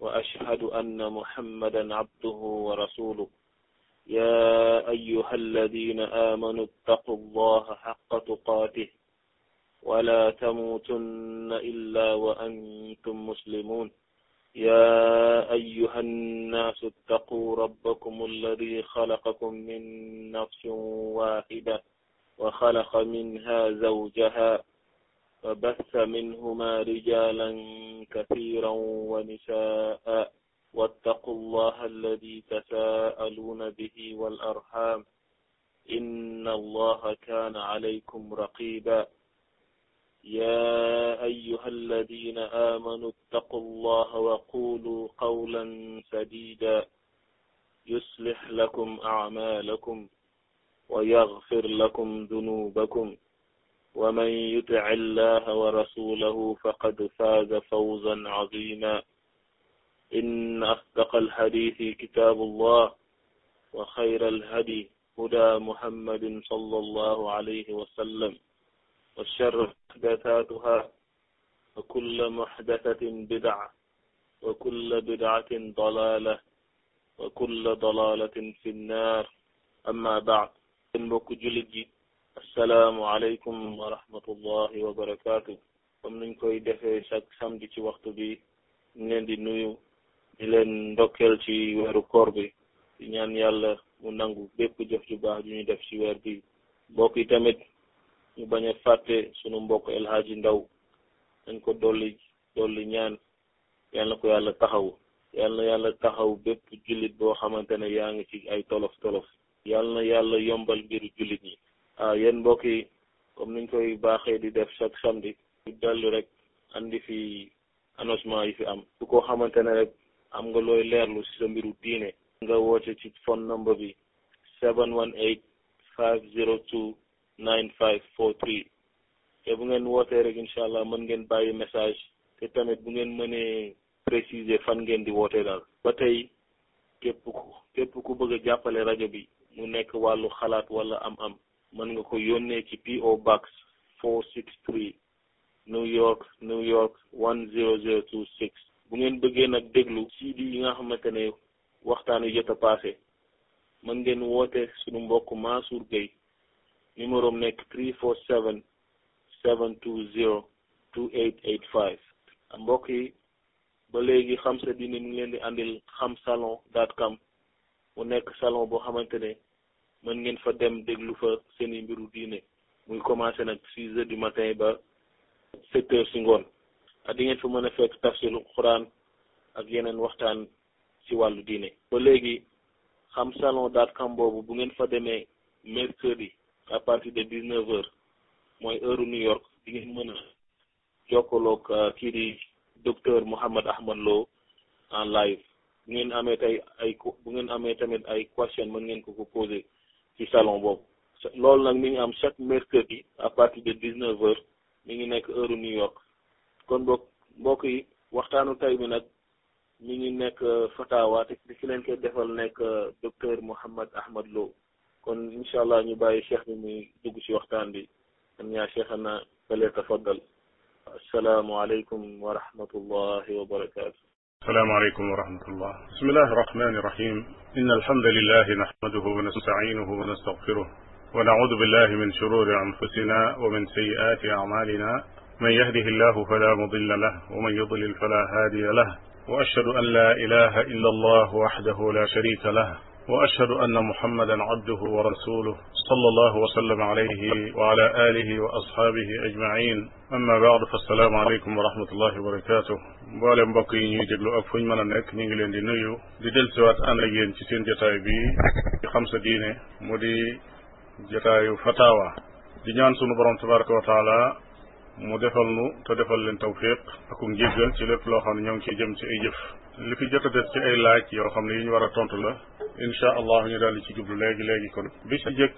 وأشهد أن محمدا عبده ورسوله يا أيها الذين آمنوا اتقوا الله حق تقاته ولا تموتن إلا وأنتم مسلمون يا أيها الناس اتقوا ربكم الذي خلقكم من نفس واحدة وخلق منها زوجها وبث منهما رجالا كثيرا ونساء واتقوا الله الذي تساءلون به والأرحام إن الله كان عليكم رقيبا يا أيها الذين آمنوا اتقوا الله وقولوا قولا سديدا يصلح لكم أعمالكم ويغفر لكم ذنوبكم ومن يطع الله ورسوله فقد فاز فوزا عظيما إن أصدق الحديث كتاب الله وخير الهدي هدى محمد صلى الله عليه وسلم والشر محدثاتها وكل محدثة بدعة وكل بدعة ضلالة وكل ضلالة في النار أما بعد mbokk jullit yi asalaamualeykum wa rahmatullahi wa barakaatu comme koy defee chaque samedi ci waxtu bi ñu leen di nuyu di leen ndokkeel ci weeru koor bi di ñaan yàlla mu nangu bépp jëf ju baax ju ñu def ci weer bi mbokk yi tamit ñu bañ a fàtte sunu mbokk El Ndaw dañ ko dolli dolli ñaan yàlla na ko yàlla taxaw yàlla na yàlla taxaw bépp jullit boo xamante ne yaa ngi ci ay tolof tolof yàlla na yàlla yombal mbiru jullit yi Ah, yéen mbokk yi comme niñ koy baaxee di def chaque samedi ñu dellu rek andi fi annoncement yi fi am su ko xamante ne rek am nga looy leerlu si sa mbiru diine nga woote ci phone number bi seven one eight five zero two nine five four three te bu ngeen wootee rek incha allah mën ngeen bàyyi message te tamit bu ngeen mënee préciser fan ngeen di wootee daal ba tey képp ku képp ku bëgg jàppale rajo bi mu nekk wàllu xalaat wala am am mën nga ko yónnee ci PO Box 463 New York New York 10026 bu ngeen bëggee nag déglu CD yi nga xamante ne waxtaan wi jot a passé mën ngeen woote suñu mbokk Mansour Gueye numéro am nekk 347 720 a mbokk yi ba léegi xam sa diine mu ngi leen di andil xam salon dot com mu nekk salon boo xamante ne mën ngeen fa dem déglu fa seeni i mbiru diine muy commencé nag six heures du matin ba sept heures si ngoon ah, di ngeen fa mën a fekk tafsiru quran ak yeneen waxtaan ci wàllu diine ba léegi xam salon dot com boobu bu ngeen fa demee mercredi à partir de dix neuf heures mooy heure New York di ngeen mën a jokkaloog ah, kii di docteur Mouhamed Ahmad Lo en live bu ngeen amee tey ay bu ngeen amee tamit ay question mën ngeen ko ko poser ci salon boobu loolu nag mi ngi am chaque mercredi à partir de dix neuf mi ngi nekk heure New York kon boog mbokk yi waxtaanu tey bi nag mi ngi nekk euh, fatawa te di ci leen koy defal nekk euh, docteur Mouhammad Ahmad Lo kon incha allah ñu bàyyi cheikh bi muy dugg ci waxtaan bi am yaa cheikhana fale tafaddal asalaamualeykum wa rahmatullahi wa barakaatu salaamaaleykum wa rahmatullah bismillahi irrahmani irrahim in alhamdulilahi nahmaduhu wa nastaciinuhu wa nastagfiruh wa nacuudu billahi min shururi anfusina wa min sayi'aati acmaalina man yahdihi llahu fala mudilla lah wa man yudlil fala haadiya lah wa ashhadu an la ilaha illa allah waxdahu la sharika lah واشهد ان محمدا عبده ورسوله صلى الله وسلم عليه وعلى اله واصحابه اجمعين اما بعد فالسلام عليكم ورحمه الله وبركاته mboole mbokk yi ñuy déglu ak fuñ mën a nekk ñu ngi leen di nuyu di dellusiwaat ànd ak yéen ci seen jotaay bi xam sa diine mu di jotaayu fatawa di ñaan sunu borom tabaraka wa taala mu defal nu te defal leen tawfiq akum njéggal ci lépp loo xam ne ñoo ngi ciy jëm ci ay jëf li fi jot a des ci ay laaj yoo xam ne yi ñu war a tontu la incha allah ñu daal di ci jublu léegi léegi kon bi ci jëkk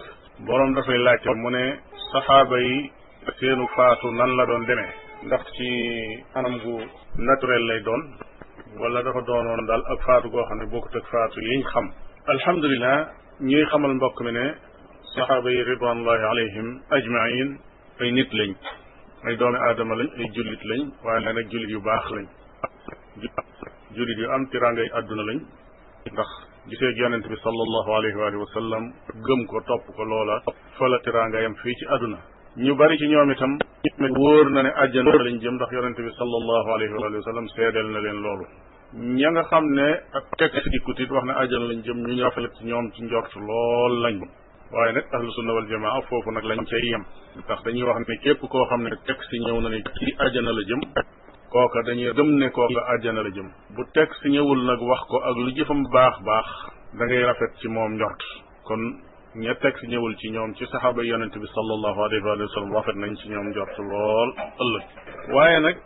boroom dafay laaj mu ne saxaaba yi seenu faatu nan la doon demee ndax ci anam gu naturel lay doon wala dafa doonoon daal ak faatu goo xam ne bokkut te faatu yiñ xam alhamdulilah ñuy xamal mbokk mi ne saxaaba yi ridwanullahi alayhim ajmain ay nit lañ ay doomi aadama lañ ay jullit lañ waaye nag jullit yu baax lañ jullit yu am tiraangay àdduna lañ ndax gisee yonent bi sallallahu alayhi wa sallam gëm ko topp ko loola fa la tiraangayam fii ci àdduna ñu bari ci ñoom itam wóor na ne àjjana lañ jëm ndax yonent bi sallallahu alayhi wa sallam seedeel na leen loolu ña nga xam ne ak teg si wax na àjjana lañ jëm ñu ñu rafet ci ñoom ci njort lool lañ waaye nag ahlu sunna wal jamaa foofu nag lañ cay yem ndax dañuy wax ne képp koo xam ne texte ñëw na ne ci àjjana la jëm kooka dañuy gëm ne kooka àjjana la jëm bu texte ñëwul nag wax ko ak lu jëfam baax baax da rafet ci moom njort kon ña texte ñëwul ci ñoom ci saxaaba yonente bi sallallahu alayhi wa sallam rafet nañ ci ñoom njort lool ëllëg waaye nag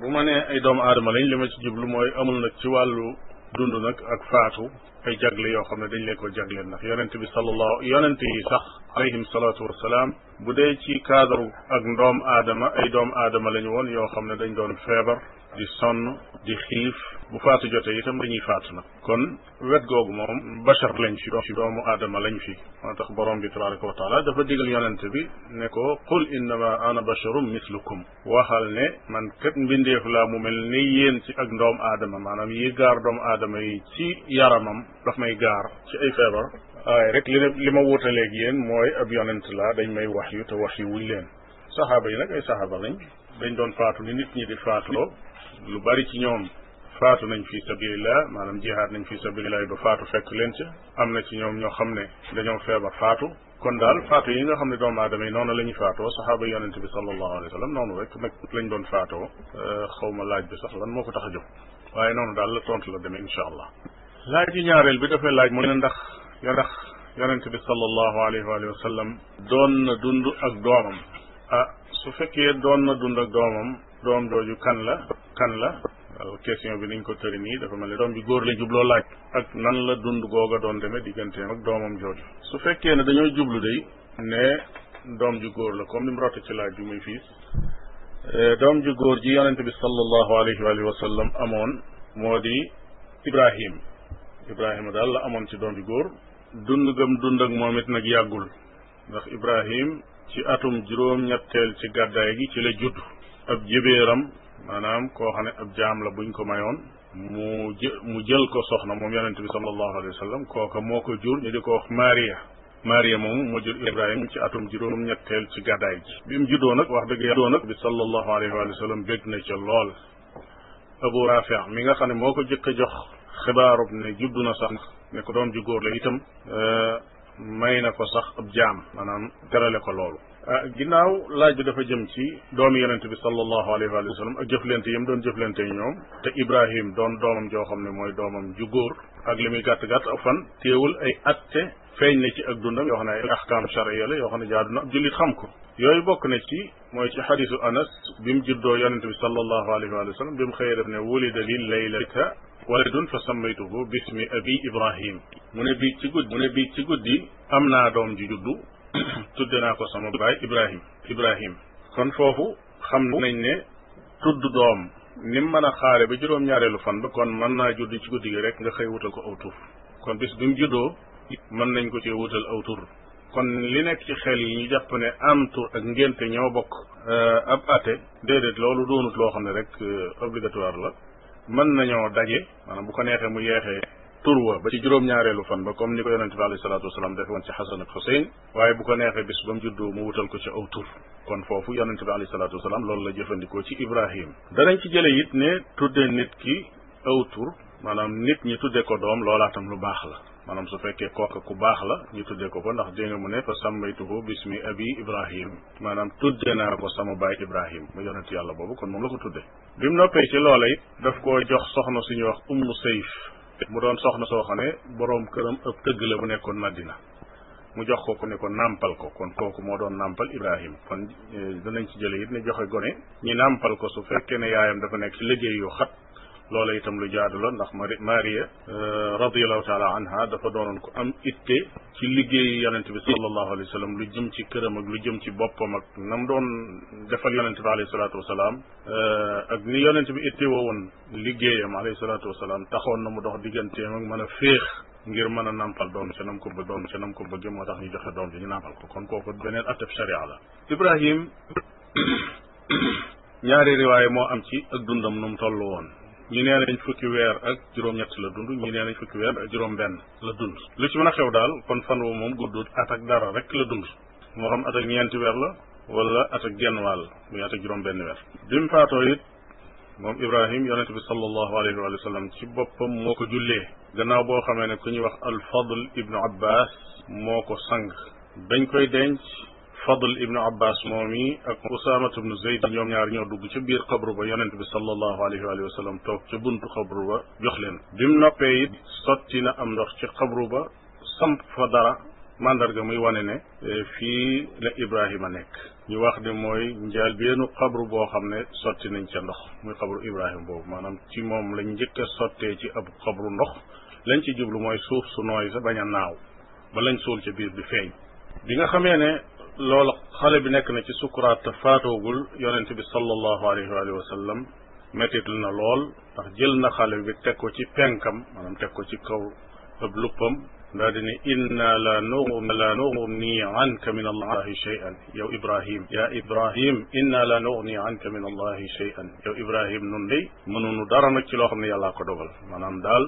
bu ma ne ay doomu aadama lañ li ma ci jublu mooy amul nag ci wàllu dund nag ak faatu ay jagle yoo xam ne dañ leen ko jagleel ndax yonent bi sallallahu yonent yi sax alayhim salaatu wasalaam bu dee ci kaadaru ak ndoom aadama ay doom aadama lañu woon yoo xam ne dañ doon feebar di sonn di xiif bu faatu jotee itam dañuy faatu nag kon wet googu moom bachar lañ fi ci doomu aadama lañu fi moo tax borom bi tabaraka wa taala dafa digal yonent bi ne ko qul innama ana basharum mislukum waxal ne man kat mbindeef laa mu mel ni yéen ci ak ndoom aadama maanaam yi gaar doomu aadama yi ci yaramam daf may gaar ci ay feebar waaye rek li li ma wutaleeg yéen mooy ab yonent laa dañ may wax yu te wax yu wuñ leen saxaaba yi nag ay saxaaba lañ dañ doon faatu ni nit ñi di faatoo lu bari ci ñoom faatu nañ fi sabilillah maanaam jeexaat nañ fi sabilillah ba faatu fekk leen ca am na ci ñoom ñoo xam ne dañoo feebar faatu kon daal faatu yi nga xam ne doomu aadama yi noonu lañuy ñuy faatoo saxaaba yonente bi sallallahu alayhi wa sallam noonu rek nag lañ doon faatoo euh, xaw ma laaj bi sax lan moo ko tax a jóg waaye noonu daal la tontu la demee incha allah ya ndax yonent bi sallallahu alayhi wa sallam doon na dund ak doomam ah su fekkee doon na dund ak doomam doom jooju kan la kan la waaw question bi niñ ko tëri nii dafa mel ne doom bi góor la jubloo laaj ak nan la dund googa doon demee digganteem ak doomam jooju su fekkee ne dañoo jublu day ne doom ju góor la comme ni mu rotte ci laaj bi muy fiis eh, doom ju góor ji yonente bi sallallahu alayhi wa sallam amoon moo di Ibrahim Ibrahima daal la amoon si doom ju góor dund gëm dund ak moom it nag yàggul ndax Ibrahim ci atum juróom-ñetteel ci gàddaay gi ci la judd ab jëbeeram maanaam koo xam ne ab jaam la buñ ko mayoon mu jë mu jël ko soxna moom yonente bi sallallahu alayhi wa sallam kooka moo ko jur ñu di ko wax Maria Maria moom moo jur Ibrahim ci atum juróom-ñetteel ci gàddaay gi bi mu juddoo nag wax dëgg yàlla nag bi sallallahu alayhi wa sallam na ca lool Abu Rafi mi nga xam ne moo ko jëkk a jox xibaarub ne juddu na sax ne ko doom ju góor la itam euh, may na ko sax ab jaam maanaam terale ko loolu euh, ginnaaw laaj bi dafa jëm ci doomi yonente bi sallallahu alayhi wa sallam ak jëflante yi mu doon jëflante ñoom te Ibrahim doon doomam joo xam ne mooy doomam ju góor ak li muy gàtt-gàtt fan téewul ay atte feeñ na ci ak dundam yoo xam ne ay ahkaam charia la yoo xam ne jaadu na ab jullit xam ko yooyu bokk na ci mooy ci xadisu anas bi mu juddoo yonente bi sallallahu alayhi wa sallam bi mu xëyee def ne wulida lil laylata waladun fa sammaytuhu bismi abi ibrahim mu ne bii ci guddi mu ne bii ci guddi am naa doom ji juddu tudde naa ko sama baay ibrahim ibrahim kon foofu xam nañ ne tudd doom ni mën a xaare ba juróom-ñaareelu fan ba kon mën naa judd ci guddi gi rek nga xëy wutal ko aw tur kon bis bi mu juddoo mën nañ ko cee wutal aw tur kon li nekk ci xel yi ñu jàpp ne am ak ngénte ñoo bokk euh, ab ate déedéet loolu doonut loo xam ne rek euh, obligatoire la mën nañoo daje maanaam bu ko neexee mu yeexee tur wa ba ci juróom-ñaareelu fan ba comme ni ko yonente bi alayhi salaatu wasalaam defe woon ci xasan ak xuseyn waaye bu ko neexee bis ba mu juddoo mu wutal ko ci aw tur kon foofu yonente bi alayhi salaatu wasalaam loolu la jëfandikoo ci ibrahim danañ ci jële it ne tudde nit ki aw tur maanaam nit ñi tudde ko doom loolaatam lu baax la maanaam su fekkee kooka ku baax la ñu tuddee ko ko ndax dégg mu ne fa sammaytuhu bismi abi ibrahim maanaam tudde naa ko sama baay ibrahim mu yonent yàlla boobu kon moom la ko tudde bi mu noppee ci loola it daf koo jox soxna suñuy wax ummu sayf mu doon soxna soo xam ne boroom këram ëpp tëgg la bu nekkoon Madina mu jox ko ku ne ko nàmpal ko kon kooku moo doon nàmpal Ibrahim kon eh, danañ ci jële it ne joxe gone ñi nàmpal ko su fekkee ne yaayam dafa nekk ci liggéey xat loola itam lu jaadu la ndax Maria euh, radiallahu taala anha dafa doonoon ko am itte ci liggéey yonente bi sallallahu alayhi wa lu jëm ci këram ak lu jëm ci boppam ak na mu doon defal yonente bi alayhi salaatu wasalaam euh, ak ni yonente bi itte woon liggéey alayhi salaatu wasalaam taxoon na mu dox digganteem ak mën a féex ngir mën a nampal doom ca nam ko bëgg doom ca ko bëgg moo tax ñu joxe doom ji ñu nampal ko kon kooku beneen atteb sharia la Ibrahim ñaari riwaaye moo am ci ak dundam nu mu toll woon ñi nee nañ fukki weer ak juróom-ñett la dund ñi nee nañ fukki weer ak juróom-benn la dund lu ci mën a xew daal kon fan woo moom guddut at ak dara rekk la dund moo xam at ak ñeenti weer la wala at ak genn wàll muy at ak juróom-benn weer bi mu faatoo it moom ibrahim yonente bi sallallahu alayhi wa sallam ci boppam moo ko jullee gannaaw boo xamee ne ku ñuy wax al fadl ibnu abbas moo ko sang dañ koy denc Fadl ibnu Abbas moom yi ak Usaamatu bnu Zeyd ñoom ñaar ñoo dugg ca biir xabru ba yonent bi sallallahu alayhi wa sallam toog ca buntu xabru ba jox leen bim noppee it sotti na am ndox ci xabru ba samp fa dara mandarga muy wane ne e, fii la Ibrahima nekk ñu wax ne mooy njaal beenu xabru boo xam ne sotti nañ ca ndox muy xabru ibrahim boobu maanaam ci moom lañ njëkk a sottee ci ab xabru ndox lañ ci jublu mooy suuf su nooy sa bañ a naaw ba lañ sool ca biir di feeñ bi nga loolu xale bi nekk na ci sukuraat te faatoogul yonent bi sallallahu alayhi wa sallam mettitul na lool ndax jël na xale bi teg ko ci penkam maanaam teg ko ci kaw ab luppam daal di ne inna la num la nugni anka min allahi cheyan yow ibrahim yaa ibrahim inna la nugni anka min allahi cheyan yow ibrahim nun day mënunu dara nag ci loo xam ne yàllaa ko dogal maanaam daal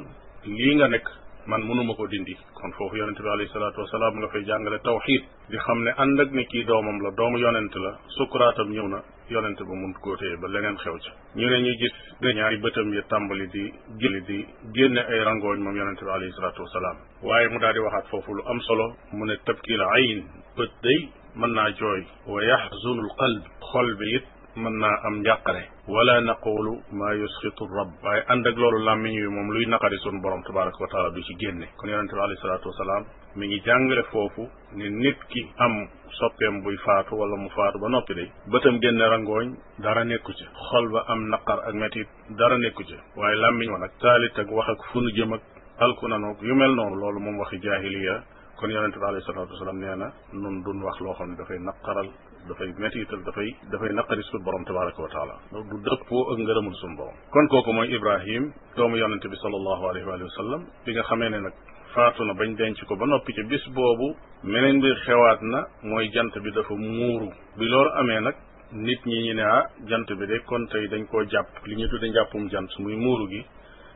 lii nga nekk man mënuma ko dindi kon foofu yonente bi alayhi salaatu wasalaam nga fay jàngale tawxiid di xam ne ànd ak ne kii doomam la doomu yonent la sukuraatam ñëw na yonent ba mun koo téye ba leneen xew ci ñu ne ñu gis ne ñaari bëtam yi tàmbali di jëli di génne ay rangooñ moom yonente bi alayhi salaatu wasalaam waaye mu daal di waxaat foofu lu am solo mu ne tabkil ayn bët day mën naa jooy wa yaxzunu alqalb xol bi mën naa am njàqare wala naqulu maa yusxitu rab waaye ànd ak loolu làmmiñ wi moom luy naqari sunu borom tabaraka wa taala du ci génne kon yonente bi alayhi wasalaam mi ngi jàngale foofu ni nit ki am soppeem buy faatu wala mu faatu ba noppi day bëtam génne rangooñ dara nekku ca xol ba am naqar ak metit dara nekku ca waaye làmmiñ wa nag taalit ak wax ak fu nu jëm ak alku nanoog yu mel noonu loolu moom waxi jaahiliya kon yonente bi alayhi salaatu wasalaam nee na nun dun wax loo xam ne dafay naqaral dafay mettital dafay dafay naqari suñu borom tabaraka wa taala du dëppoo ak ngërëmul suñu borom kon kooku mooy ibrahim doomu yonente bi sallallahu alayhi wa sallam bi nga xamee ne nag faatu na bañ denc ko ba noppi ca bis boobu meneen bi xewaat na mooy jant bi dafa muuru bi loolu amee nag nit ñi ñu ne ah jant bi de kon tey dañ koo jàpp li ñu tudde njàppum jant muy muuru gi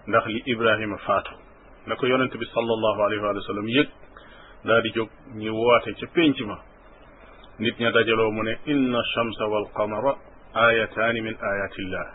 ndax li ibrahima faatu na ko yonente bi sallallahu alayhi wa sallam yëg daa di jóg ñu woote ca pénc ma nit ña dajaloo mu ne inna alchamsa walqamara ayataani min ayati illah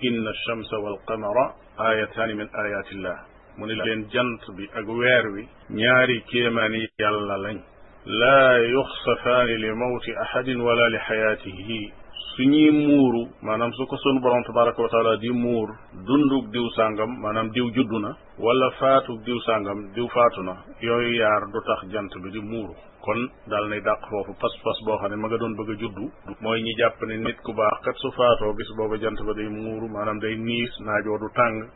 inna alchamsa walqamara ayataani min ayati illah mu ne leen jant bi ak weer wi ñaari kéemaani yàlla lañ laa yuxsafaani li mawti ahadin wala li xayaatihi su ñuy muuru maanaam su ko sunu borom tabaraka wa taala di muur dundug diw sàngam maanaam diw juddu na wala faatug diw sàngam diw faatu na yooyu yaar du tax jant bi di muuru kon daal nay dàq foofu pas-pas boo xam ne ma nga doon bëgg a juddu mooy ñi jàpp ne nit ku baax kat su faatoo bis booba jant ba day muuru maanaam day niis naajoo du tàng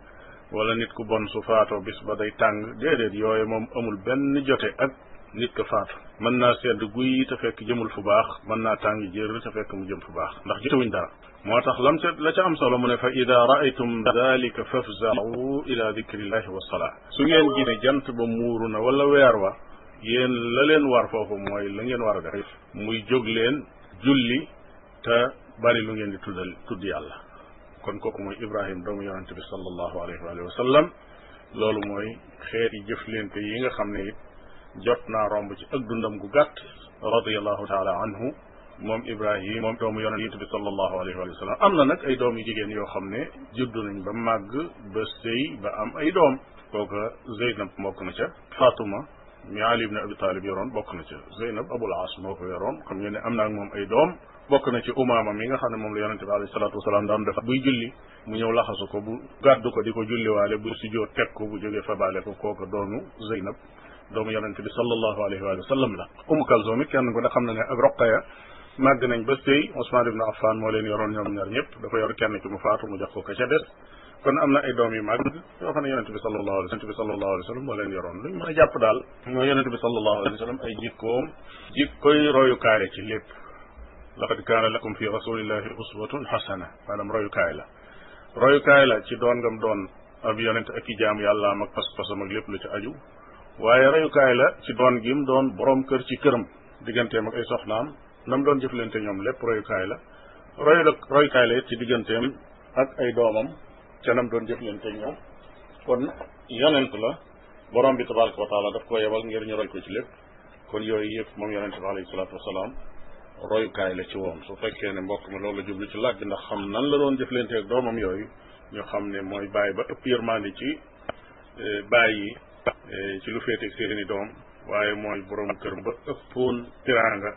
wala nit ku bon su faatoo bis ba day tàng déedéet yooyu moom amul benn jote ak nit ko faatu mën naa sedd guy te fekk jëmul fu baax mën naa tàng jër te fekk mu jëm fu baax ndax jotewuñ dara moo tax lam ca la ca am solo mu ne fa ida raaytum dalika fafzau ila wa wassalaa su ngeen gisee jant ba muuru na wala weer wa yéen la leen war foofu mooy la ngeen war a def muy jóg leen julli te bari lu ngeen di tuddal tudd yàlla kon kooku mooy ibrahim doomu yonente bi sallallahu alayhi wa sallam loolu mooy xeeti jëflante yi nga xam ne it jot naa romb ci ak dundam gu gàtt radiallahu taala anhu moom ibrahim moom doomu yonent bi sallallahu alayhi wa sallam am na nag ay doom yu jigéen yoo xam ne juddu nañ ba màgg ba sëy ba am ay doom kooka zeynab bokk na ca fatuma mi ali ibn abi talib yoroon bokk na ca zeynab abul as moo ko xam ngeen ne am naa ak moom ay doom bokk na ci umaama mi nga xam ne moom la yonente bi alayhi salatu wasalaam daan buy julli mu ñëw laxasu ko bu gàddu ko di ko julliwaale bu sujjóot teg ko bu jógee fabaale ko kooka doomu zeynab doomu yonente bi sallallahu alayhi wa sallam la Umu Kalsoom it kenn ku ne xam na ne ak Roqaya màgg nañ ba sëy Ousmane ibn Affan moo leen yoroon ñoom ñaar ñëpp dafa yor kenn ki mu faatu mu jox ko ka ca des kon am na ay doom yu màgg yoo xam ne yonente bi sallallahu alayhi yonente bi sallallahu alayhi wa sallam moo leen yoroon luñ mën a jàpp daal mooy yonente bi sallallahu alayhi wa sallam ay jikkoom jikkoy royukaay ci lépp laqad kaana lakum fi rasulillahi uswatun xasana maanaam royukaay la royukaay la ci doon ngam doon ab yonent ak i jaam yàlla am ak pas-pasam ak lépp lu ci aju waaye reyukaay la ci doon gim doon boroom kër ci këram digganteem ak ay soxnaam nam doon jëflante ñoom lépp royukaay la royu la ci digganteem ak ay doomam ca nam doon jëflante ñoom kon yonent la borom bi tabaraka wa taala daf ko yebal ngir ñu ko ci lépp kon yooyu yëpp moom yonent bi alayhi salaatu wasalaam royukaay la ci woon su fekkee ne mbokk mi loolu la jublu ci laaj bi ndax xam nan la doon jëflante ak doomam yooyu ñu xam ne mooy bàyyi ba ëpp yërmande ci eh, bàyyi Eh, ci lu féete seeni doom waaye mooy borom kër ba ëppoon tiraanga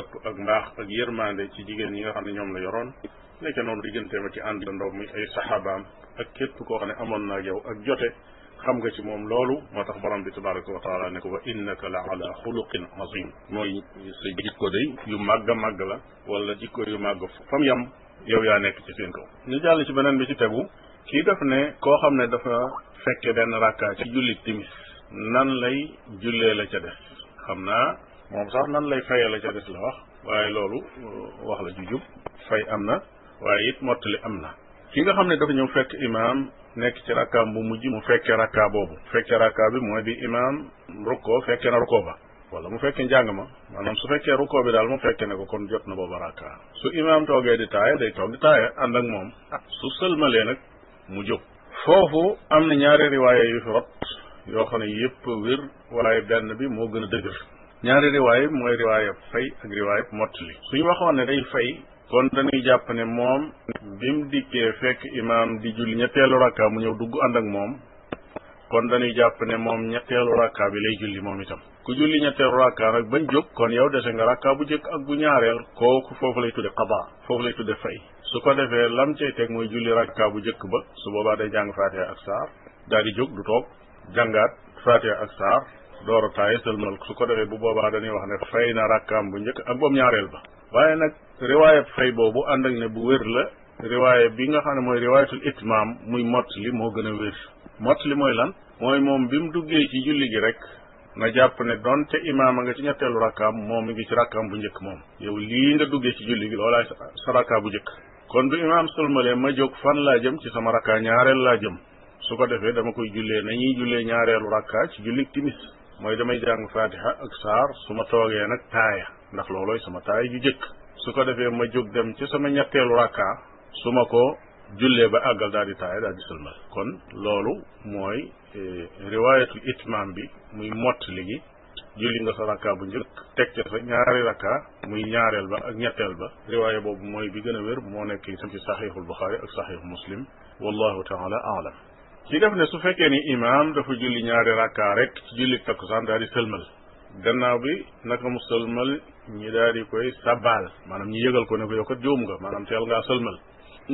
ëpp ak mbaax ak yërmande ci jigéen ñi nga xam ne ñoom la yoroon nekk noonu digganteem ak ci ànd ndoom muy ay saxaabaam ak képp koo xam ne amoon na ak yow ak jote xam nga ci moom loolu moo tax borom bi tabaraka wa taala ne ko wa innaka la ala xuluqin azim mooy sa jikko day yu màgg a màgg la wala jikko yu màgg fam yam yow yaa nekk ci seen kaw ñu jàll ci beneen bi ci tegu kii daf ne koo xam ne dafa fekke benn rakkaa ci julli timis nan lay jullee la ca des xam naa moom sax nan lay fayee la ca des la wax waaye loolu uh, wax la ju jub fay am na waaye it li am na ki nga xam ne dafa ñëw fekk imaam nekk ci rakkaam bu mujj mu fekkee rakkaa boobu fekkee rakkaa bi mooy bi imaam rukkoo fekkee na rukkoo ba wala mu fekkee njàng ma maanaam su fekkee rukkoo bi daal mu fekkee ne ko kon jot na booba rakkaa su imaam toogee di taaya day toog di taaya ànd ak moom ah su sëlmalee nag mu foofu am na ñaari riwaaya yu fi rot yoo xam ne yëpp wér waaye benn bi moo gën a dëgër ñaari riwaaya bi mooy riwaaya fay ak riwaaya mottali suñu waxoon ne day fay kon dañuy jàpp ne moom bi mu dikkee fekk imaam di julli ñetteelu rakka mu ñëw dugg ànd ak moom kon dañuy jàpp ne moom ñetteelu rakka bi lay julli moom itam ku julli ñetteelu rakka nag bañ jóg kon yow dese nga rakka bu jëkk ak bu ñaareel kooku foofu lay tudde qada foofu lay tudde fay su ko defee lam cay teg mooy julli rakka bu jëkk ba su boobaa day jàng fatiha ak saar daal di jóg du toog jàngaat fatiha ak saar door a taaye sëlmal su ko defee bu boobaa dañuy wax ne fay na rakkaam bu njëkk ak boobu ñaareel ba waaye nag riwaayab fay boobu ànd ak ne bu wér la riwaaya bi nga xam ne mooy riwaayatul itmaam muy mott li moo gën a wér mott li mooy lan mooy moom bi mu duggee ci julli rek nga jàpp ne donte imaam a nga ci ñetteelu rakkaam moom mi ngi ci rakkaam bu njëkk moom yow lii nga duggee ci julli gi loolaay sa rakkaa bu njëkk kon du imaam sulmale ma jóg fan laa jëm ci sama rakkaa ñaareelu laa jëm su ko defee dama koy jullee nañuy jullee ñaareelu rakkaa ci julli timis mooy damay jàng fatiha ak saar su ma toogee nag taaya ndax loolooy sama taaya ju jëkk su ko defee ma jóg dem ci sama ñetteelu rakkaa su ma ko jullee ba àggal daal di taaya daal di sëlmal kon loolu mooy eh, riwaayatul itmaam bi muy mott ligi julli nga sa rakka bu njëkk teg ca fa ñaari rakka muy ñaareel ba ak ñetteel ba riwaaya boobu mooy bi gën a wér moo nekk itam ci saxiixul buxaari ak saxiix muslim wallahu taala aalam ci def ne su fekkee ni imaam dafa julli ñaari rakka rek ci julli takkusaan daal di sëlmal gannaaw bi naka mu sëlmal ñi daal di koy sabbaal maanaam ñi yëgal ko ne ko yow kat juum nga maanaam teel ngaa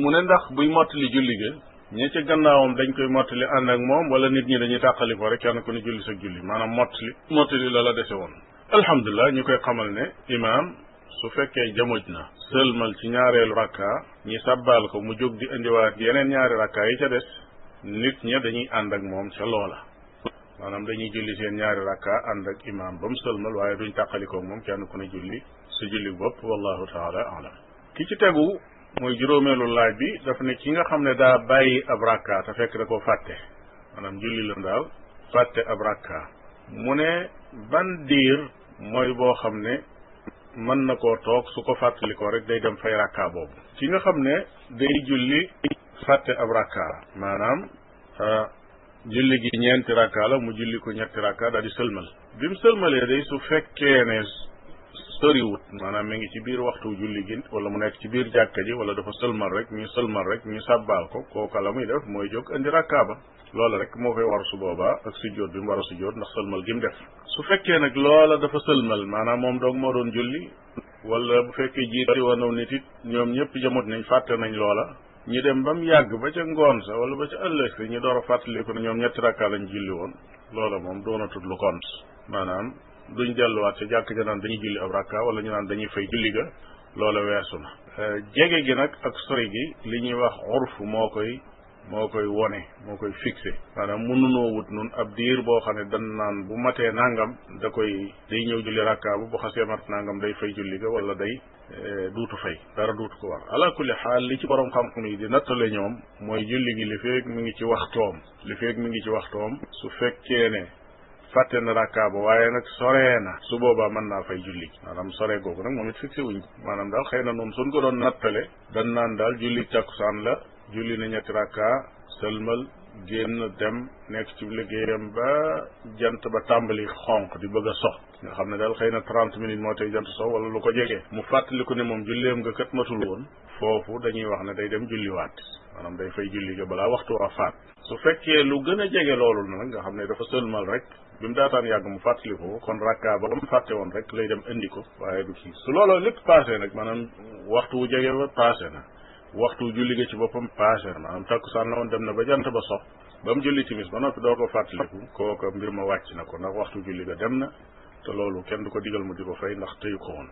mu ne ndax buy mottali julli ga ña ca gannaawam dañ koy mottali ànd ak moom wala nit ñi dañuy tàqali ko rek kenn ku ne julli sa julli maanaam mottali mottali la la dese woon alhamdulilah ñu koy xamal ne imaam su fekkee jamoj na sëlmal ci ñaareelu rakka ñi sàbbaal ko mu jóg di indiwaat yeneen ñaari rakka yi ca des nit ña dañuy ànd ak moom ca loola maanaam dañuy julli seen ñaari rakka ànd ak imaam ba mu sëlmal waaye duñ tàqalikoo moom kenn ku ne julli julli bopp wallahu mooy juróomeelu laaj bi daf ne ki nga xam ne daa bàyyi ab rakka te fekk da koo fàtte maanaam julli la daal fàtte ab rakka mu ne ban diir mooy boo xam ne mën na ko toog su ko fàttali ko rek day dem fay rakka boobu ki nga xam ne day julli fàtte ab rakka maanaam ah, julli gi ñeenti rakka la mu julli ko ñetti rakka daal di sëlmal bi mu sëlmalee day su fekkee ne soriwut maanaam mi ngi ci biir waxtu julli gi wala mu nekk ci biir jàkka ji wala dafa sëlmal rek ñu sëlmal rek ñu sàbbaal ko kooka la muy def mooy jóg indi rakkaa ba loola rek moo koy war booba boobaa ak sujjóot bi mu war a sujjóot ndax sëlmal gi mu def su fekkee nag loola dafa sëlmal maanaam moom doog moo doon julli wala bu fekkee ji bari woon nit it ñoom ñëpp jamot nañ fàtte nañ loola ñu dem ba mu yàgg ba ca ngoon sa wala ba ca ëllëg sa ñu door a fàttaliku ne ñoom ñetti rakkaa lañ julli woon loola moom doonatul lu kont maanaam duñ delluwaat ci jàkk ja naan dañu julli ab rakka wala ñu naan dañuy fay julli ga loola weesu na euh, jege gi nag ak sori gi li ñuy wax urf moo koy moo koy wone moo koy fixé maanaam mënunoo wut nun ab diir boo xam ne dan naan bu matee nangam da koy day ñëw julli rakka bu bu xasee mat nangam day fay julli ga wala day euh, duutu fay dara duutu ko war ala kulli xaal li ci borom xam-xam yi di nattale ñoom mooy julli gi li feeg mi ngi ci waxtoom li feeg mu ngi ci waxtoom su fekkee ne fàtte na rakka ba waaye nag soree na su boobaa mën naa fay julli maanaam sore googu nag moom it fixé ko maanaam daal xëy na noonu suñ ko doon nattale dan naan daal julli takkusaan la julli na ñetti rakka sëlmal génn dem nekk ci liggéeyam ba jant ba tàmbali xonq di bëgg a sox nga xam ne daal xëy na trente minutes moo tey jant sox wala lu ko jege. mu fàttaliku ne moom julleem nga kat matul woon foofu dañuy wax ne day dem julliwaat maanaam day fay julli ga balaa waxtu waa su fekkee lu gën a jege loolu nag nga xam ne dafa sëlmal rek bi mu daataan yàgg mu fàttali ko kon rakka ba mu fàtte woon rek lay dem indi ko waaye du kii su looloo lépp passé nag maanaam waxtu wu jege ba passé na waxtu julli ga ci boppam passé na maanaam takkusaan woon dem na ba jant ba sox ba mu julli timis ba noppi doo ko fàttaliku kooka mbir ma wàcc na ko ndax waxtu julli ga dem na te loolu kenn du ko digal mu di ko fay ndax tëyu ko woon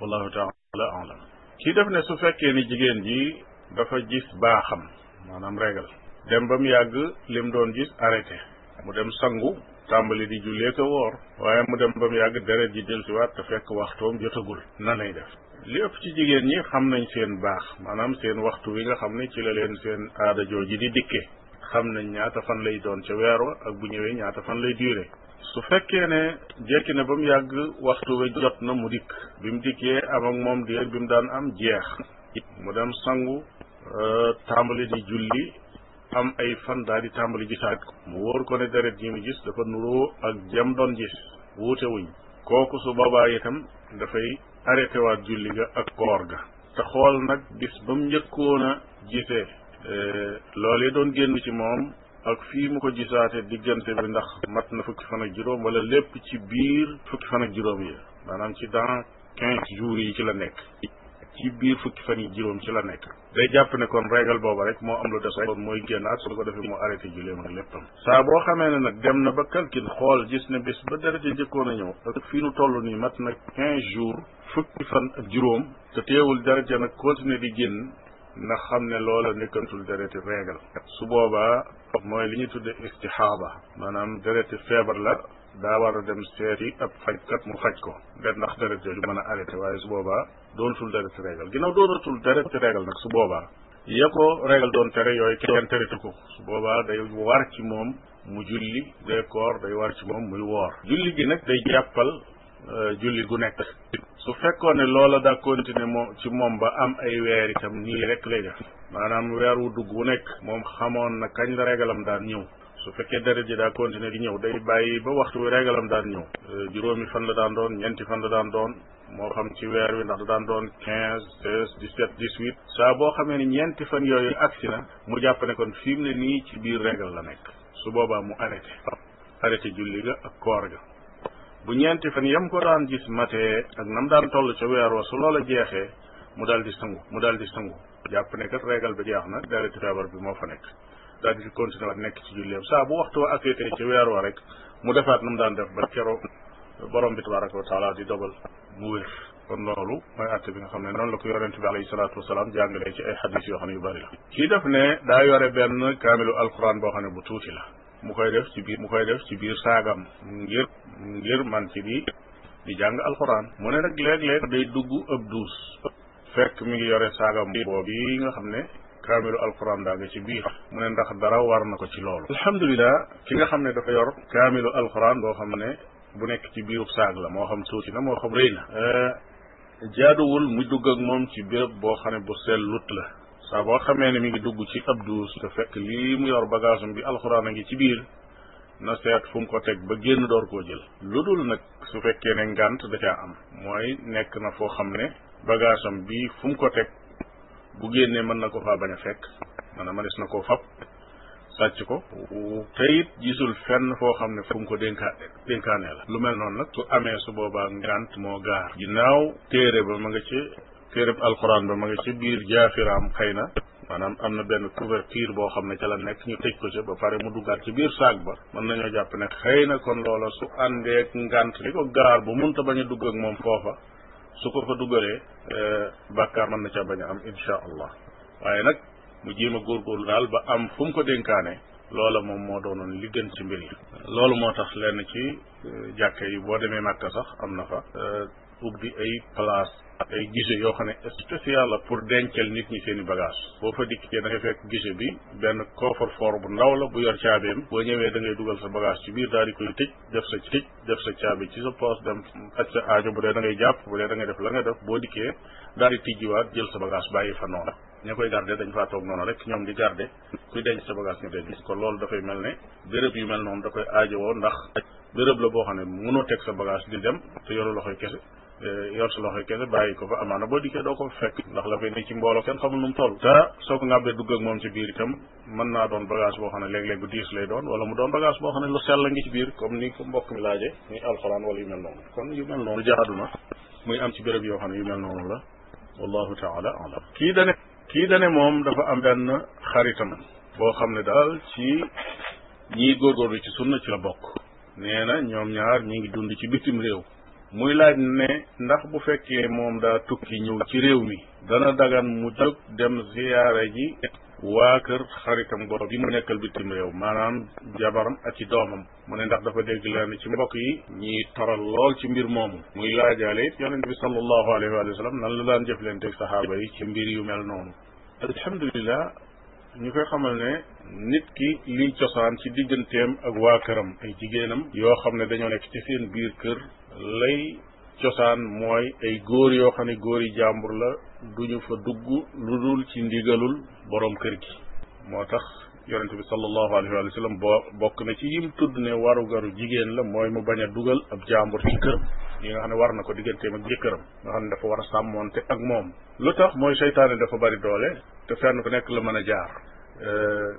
wallahu taala alam kii def ne su fekkee ni jigéen ji dafa gis baaxam maanaam régal dem ba mu yàgg lim doon gis arrêté mu dem sangu tàmbali di jullee ko woor waaye mu dem ba mu yàgg deret ji dellusiwaat te fekk waxtoom jotagul nan lay def li ëpp ci jigéen ñi xam nañ seen baax maanaam seen waxtu wi nga xam ne ci la leen seen aada jooji di dikkee xam nañ ñaata fan lay doon ca weer wa ak bu ñëwee ñaata fan lay duré su fekkee ne jekki na ba mu yàgg waxtu we jot na mu dikk bi mu dikkee am ak moom diir bi mu daan am jeex mu dem sangu euh, tàmbali di julli am ay fan daal di tàmbali gisaat ko mu wóor ko ne deret ji mu gis dafa nuroo ak jam doon gis wuute kooku su boobaa itam dafay arrêté waat julli ga ak koor ga te xool nag bis ba mu njëkkoon a gisee eh, loolee doon génn ci moom ak fii mu ko gisaate diggante bi ndax mat na fukki fan ak juróom wala lépp ci biir fukki fan ak juróom yi maanaam ci dans quinze jours yi ci la nekk ci biir fukki fan yi juróom ci la nekk day jàpp ne kon régal booba rek moo am lu des kon mooy génnaat su ko defee mu arrêté julleem ak léppam saa boo xamee ne nag dem na ba kalkin xool gis ne bis ba dara ja jëkkoon a ñëw ak fii nu toll nii mat na quinze jours fukki fan juróom te teewul dara ja nag continuer di génn na xam ne loola nekkantul dereti régal su boobaa mooy li ñu tudde istihaaba maanaam dereti feebar la daa war a dem seeti ab fajkat mu faj ko den ndax deret jooju mën a arrêté waaye su boobaa doonatul deret régal ginnaaw doonatul deret régal nag su boobaa ya ko régal doon tere yooyu kenn terete ko su boobaa day war ci moom mu julli day koor day war ci moom muy woor julli gi nag day jàppal euh, julli gu nekk su fekkoon ne loola daa continuer moom ci moom ba am ay weer itam nii rek lay def maanaam weer wu dugg wu nekk moom xamoon na kañ la régalam daan ñëw su fekkee deret ji daa continuer di ñëw day bàyyi ba waxtu wi régalam daan ñëw euh, juróomi fan la daan doon ñeenti fan la daan doon moo xam ci weer wi ndax da daan doon quinze seize dix-sept dix-huit saa boo xamee ni ñeenti fan yooyu agsi na mu jàpp ne kon fi mu ne nii ci biir régal la nekk su boobaa mu arrêté arrêté julli ga ak koor ga bu ñeenti fan yam ko daan gis matee ak nam daan toll ca weer wa su loola jeexee mu daal di sangu mu daal di sangu jàpp ne kat régal ba jeex na deret feebar bi moo fa nekk daal di continué waat nekk ci julleem saa bu waxtu wa aké tey ci weer wa rek mu defaat nu daan def ba keroog borom bi tabaraka wa taala di dogal mu wér kon loolu mooy àtte bi nga xam ne noonu la ko yonent bi alayhi salaatu wasalaam jàngalee ci ay xadis yoo xam ne yu bari la kii def ne daa yore benn kaamilu alquran boo xam ne bu tuuti la mu koy def ci biir mu koy def ci biir saagam ngir ngir man ci di di jàng alquran mu ne nag léeg-léeg day dugg ëb duus fekk mu ngi yore saagam boobu yi nga xam ne kaamilu alquran daa nga ci biir mu ne ndax dara war na ko ci loolu alhamdulilah ki nga xam ne dafa yor kaamilu alquran boo xam ne bu nekk ci biirub saag la moo xam tuuti na moo xam rëy na eh, jaaduwul muy dugg ak moom ci béréb boo xam ne bu sellut la saa boo xamee ne mu ngi dugg ci ab duus fekk lii mu yor bagaasum bi alxuraan a ngi ci biir na seet fu mu ko teg ba génn door koo jël lu dul nag su fekkee ne ngànt da am mooy nekk na foo xam ne bagaasam bi fu mu ko teg bu génnee mën na ko faa bañ a fekk maanaam mënees na koo fab sàcc ko te it gisul fenn foo xam ne fu ko dénkaa dénkaane la lu mel noonu nag su amee su boobaa ngant moo gaar ginnaaw téere ba ma nga ci téere bi alxuraan ba ma nga ci biir jaafiraam xëy na maanaam am na benn couverture boo xam ne ca la nekk ñu tëj ko ca ba pare mu duggaat ci biir saag ba mën nañoo jàpp ne xëy na kon loola su àndeek ngant li ko gaar bu munta bañ a dugg ak moom foofa su ko fa dugalee eh, bàkkaar man na caa bañ a am insha allah waaye nag mu jéem a góorgóorlu daal ba am fu mu ko dénkaane loola moom moo doon li gën ci mbir yi loolu moo tax lenn ci eh, jàkke yi boo demee Màkka sax am na fa eh, ubbi ay place ay gise yoo xam ne spécial la pour dencal nit ñi seeni i bagage boo fa dikkee dangay fekk guichet bi benn coffre fort bu ndaw la bu yor caabeem boo ñëwee da ngay dugal sa bagage ci biir daal di koy tëj def sa tëj def sa caabi ci sa poos dem faj sa aajo bu dee da ngay jàpp bu dee da ngay def la nga def boo dikkee daal di tijjiwaat jël sa bagage bàyyi fa noonu ña koy garde dañu faa toog noonu rek ñoom di garde ku denc sa bagage ñu denc ko loolu dafay mel ne béréb yu mel noonu da koy aajowoo ndax béréb la boo xam ne mënoo teg sa bagage di dem te yoru loxoy kese Eh, yor sa loxo kese bàyyi ko fa amaana boo dikkee doo ko fekk ndax la fay ne ci mbooloo kenn xamul nu mu toll te soo ko ngàbbee dugg ak moom ci biir itam mën naa doon bagage boo xam ne léeg-léeg bu diis lay doon wala mu doon bagage boo xam ne lu sell ngi ci biir comme ni ko mbokk mi laaje ni alxuraan wala yu mel noonu kon yu mel noonu jaadu na muy am ci béréb yoo xam ne yu mel noonu la wallahu taala alam kii dane kii dane moom dafa am benn xaritam boo xam ne daal ci ñiy góorgóorlu ci sunna ci la bokk nee na ñoom ñaar ñi ngi dund ci bitim réew muy laaj ne ndax bu fekkee moom daa tukki ñëw ci réew mi dana dagan mu jóg dem ziyaara ji waa kër xaritam boobu bi mu nekkal bitim réew maanaam jabaram ak ci doomam mu ne ndax dafa dégg leen ci mbokk yi ñuy taral lool ci mbir moomu muy laajaale it yonente bi sallallahu alayhi wa sallam nan la daan jëflanteeg saxaaba yi ci mbir yu mel noonu alhamdulilah ñu koy xamal ne nit ki liy cosaan ci digganteem ak waa këram ay jigéenam yoo xam ne dañoo nekk ci seen biir kër lay cosaan mooy ay góor yoo xam ne góor yi jàmbur la duñu fa dugg lu dul ci ndigalul boroom kër gi moo tax yonente bi sallallahu alayhi wa sallam boo bokk na ci yim tudd ne warugaru jigéen la mooy mu bañ a dugal ab jàmbur ci kër yi nga xam ne war na ko digganteem ak jëkkëram nga xam ne dafa war a sàmmoonte ak moom lu tax mooy seytaane dafa bari doole te fenn ku nekk la mën a jaar euh,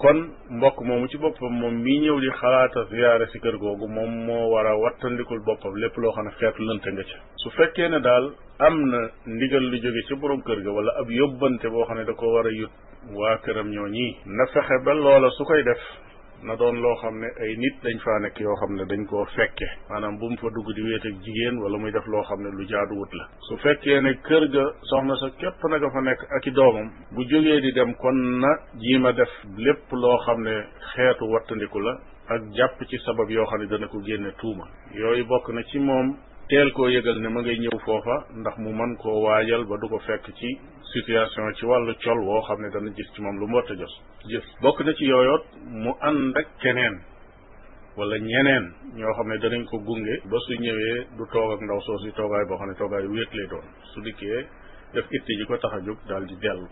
kon mbokk moomu ci boppam moom mii ñëw di xalaata ziyaare si kër googu moom moo war a wattandikul boppam lépp loo xam ne xeetu lënte nga ca su fekkee ne daal am na ndigal lu jóge ci borom kër ga wala ab yóbbante boo xam ne da ko war a yut waa këram ñoo ñii na fexe ba loola su koy def na doon loo xam ne ay nit dañ faa nekk yoo xam ne dañ koo fekke maanaam bu mu fa dugg di wéet ak jigéen wala muy def loo xam ne lu jaadu wut la su fekkee ne kër ga soxna sa képp na nga fa nekk ak i doomam bu jógee di dem kon na ji jiima def lépp loo xam ne xeetu wattandiku la ak jàpp ci sabab yoo xam ne dana ko génne tuuma yooyu bokk na ci moom teel koo yëgal ne ma ngay ñëw foofa ndax mu man koo waajal ba du ko fekk ci situation ci wàllu col woo xam ne dana gis ci moom lu mu warta jos bokk na ci yooyoot mu ànd ak keneen wala ñeneen ñoo xam ne danañ ko gunge ba su ñëwee du toog ak ndaw soosi toogaay boo xam ne toogaay wéet lay doon su dikkee def itti yi ko tax a jóg daal di dellu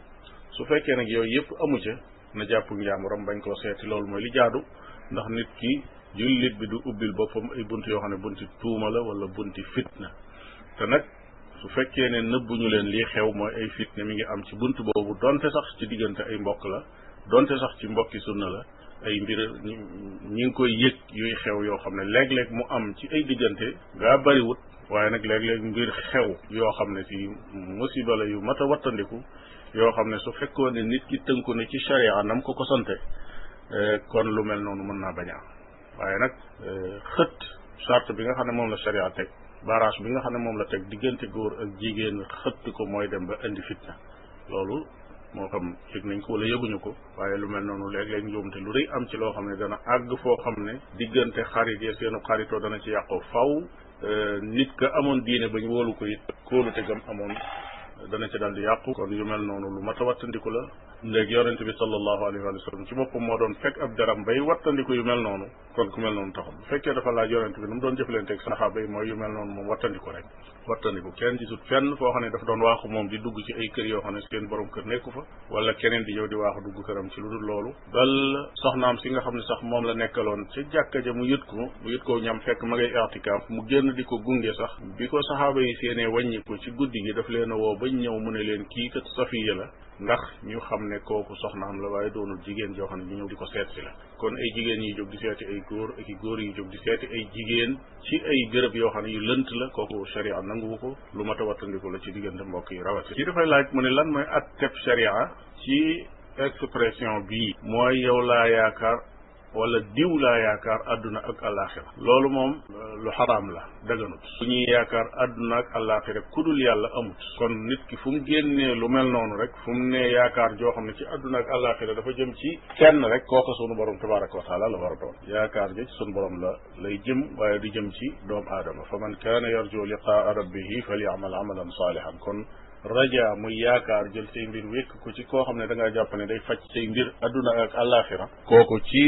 su fekkee nag yooyu yëpp amu ca na jàpp njaamuram bañ koo seeti loolu mooy li jaadu ndax nit ki jullit bi du ubbil boppam ay bunt yoo xam ne bunti tuuma la wala bunti na te nag su fekkee ne ñu leen lii xew mooy ay fitna mi ngi am ci bunt boobu donte sax ci diggante ay mbokk la donte sax ci mbokki sunna la ay mbir ñi ngi koy yëg yuy xew yoo xam ne léeg-léeg mu am ci ay diggante gaa bariwut waaye nag léeg-léeg mbir xew yoo xam ne si musiba la yu mat a wattandiku yoo xam ne su fekkoon ne nit ki tënku ne ci charia nam ko ko sante eh, kon lu mel noonu mën naa bañ a waaye nag eh, xët charte bi nga xam ne moom la sharia teg barrage bi nga xam ne moom la teg diggante góor ak jigéen xëtt ko mooy dem ba indi fitna loolu moo xam yëg nañ ko wala yëguñu ko waaye lu mel noonu léeg-léeg njuumte lu rëy am ci loo xam ne dana àgg foo xam ne diggante xarit ya seenu xaritoo dana ci yàqoo faw eh, nit ka amoon diine bañ wóolu ko it kóolu tegam amoon dana ci daal di yàqu kon yu mel noonu lu mat wattandiku la léegi yonente bi sallallahu alayhi wa sallam ci boppam moo doon fekk ab daram bay wattandiku yu mel noonu kon ku mel noonu taxul bu fekkee dafa laaj yonente bi nu mu doon jëflanteeg saxaaba yi mooy yu mel noonu moom wattandiku rek wattandiku kenn gisut fenn foo xam ne dafa doon waaxu moom di dugg ci ay kër yoo xam ne seen borom kër nekku fa wala keneen di ñëw di waaxu dugg këram ci lu dul loolu bal soxnaam si nga xam ne sax moom la nekkaloon ca jàkka ja mu yët ko mu yët ñam fekk ma mu génn di ko gunge sax bi ko saxaaba yi seenee wàññiku ci guddi gi daf leen a ba bañ ñëw mu ne leen kii kat safiya la ndax ñu xam ne kooku soxnaam la waaye doonul jigéen joo xam ne ñu ñëw di ko seet si la kon ay jigéen yi jóg di seeti ay góor ak i góor yi jóg di seeti ay jigéen ci ay gërëb yoo xam ne yu lënt la kooku sharia nanguwu ko lu ma a wattandiku la ci diggante mbokk yi rawati ci dafay laaj mu ne lan mooy at teb sharia ci expression bii mooy yow laa yaakaar wala diw laa yaakaar àdduna ak àllaaxira loolu moom euh, lu xaraam la daganut su ñuy yaakaar àdduna ak àllaaxira ku dul yàlla amut kon nit ki fu mu génnee lu mel noonu rek fu ne yaakaar joo xam ne ci àdduna ak dafa jëm ci kenn rek kooka sunu borom tabaraka wa taala la war a doon yaakaar ja ci borom la lay jëm waaye di jëm ci doomu aadama fa man kaana yarju liqaa rabbihi falyamal amalan saalihan kon raja muy yaakaar jël say mbir wékk ko ci koo xam ne da ngaa jàpp ne day faj say mbir adduna ak àllaaxira kooku ci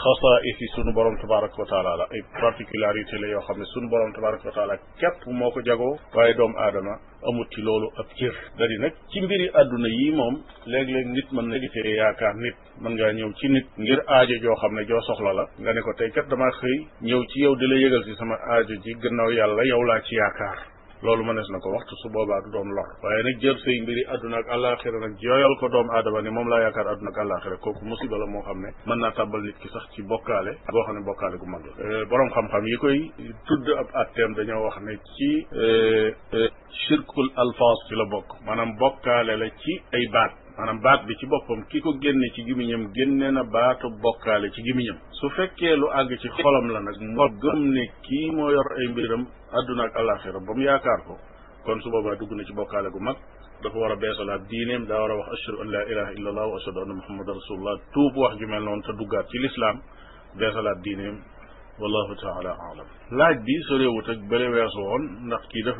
xasaa'isi sunu borom tabaraka wa taala la ay particularité la yoo xam ne sunu borom tabaraka wa taala képp moo ko jagoo waaye doomu aadama amut ci loolu ak cër dari nag ci mbiri àdduna yi moom léeg-léeg nit mën na gisee yaakaar nit mën ngaa ñëw ci nit ngir aajo joo xam ne joo soxla la nga ne ko tey kat damaa xëy ñëw ci yow di la sama aajo ji gannaaw yàlla yow laa ci yaakaar loolu mënees na ko waxtu su boobaa du doon waaye nag jël say mbiri àdduna ak àllaaxira nag jooyal ko doomu aadama ni moom laa yaakaar àdduna ak àllaaxira kooku musiba la moo xam ne mën naa tàbbal nit ki sax ci bokkaale boo xam ne bokkaale gu mag la euh, borom xam-xam yi koy tudd ab atteem dañoo wax ne ci euh, euh, shirkul alfaas ci la bokk maanaam bokkaale la ci ay baat maanaam baat bi ci boppam ki ko génne ci gémmiñam génne na baatu bokkaale ci gémmiñam su fekkee lu àgg ci xolam la nag moo gëm ne kii moo yor ay mbiram àdduna ak alaxira ba mu yaakaar ko kon su boobaa dugg na ci bokkaale gu mag dafa war a beesalaat diineem daa war a wax ashhadu an laa ilaha illa allah wa ashhadu anna muhammadan rasulullah tuub wax ju noonu te duggaat ci lislaam beesalaat diineem wallahu taala alam laaj bi sorewut ak bële weesu woon ndax kii daf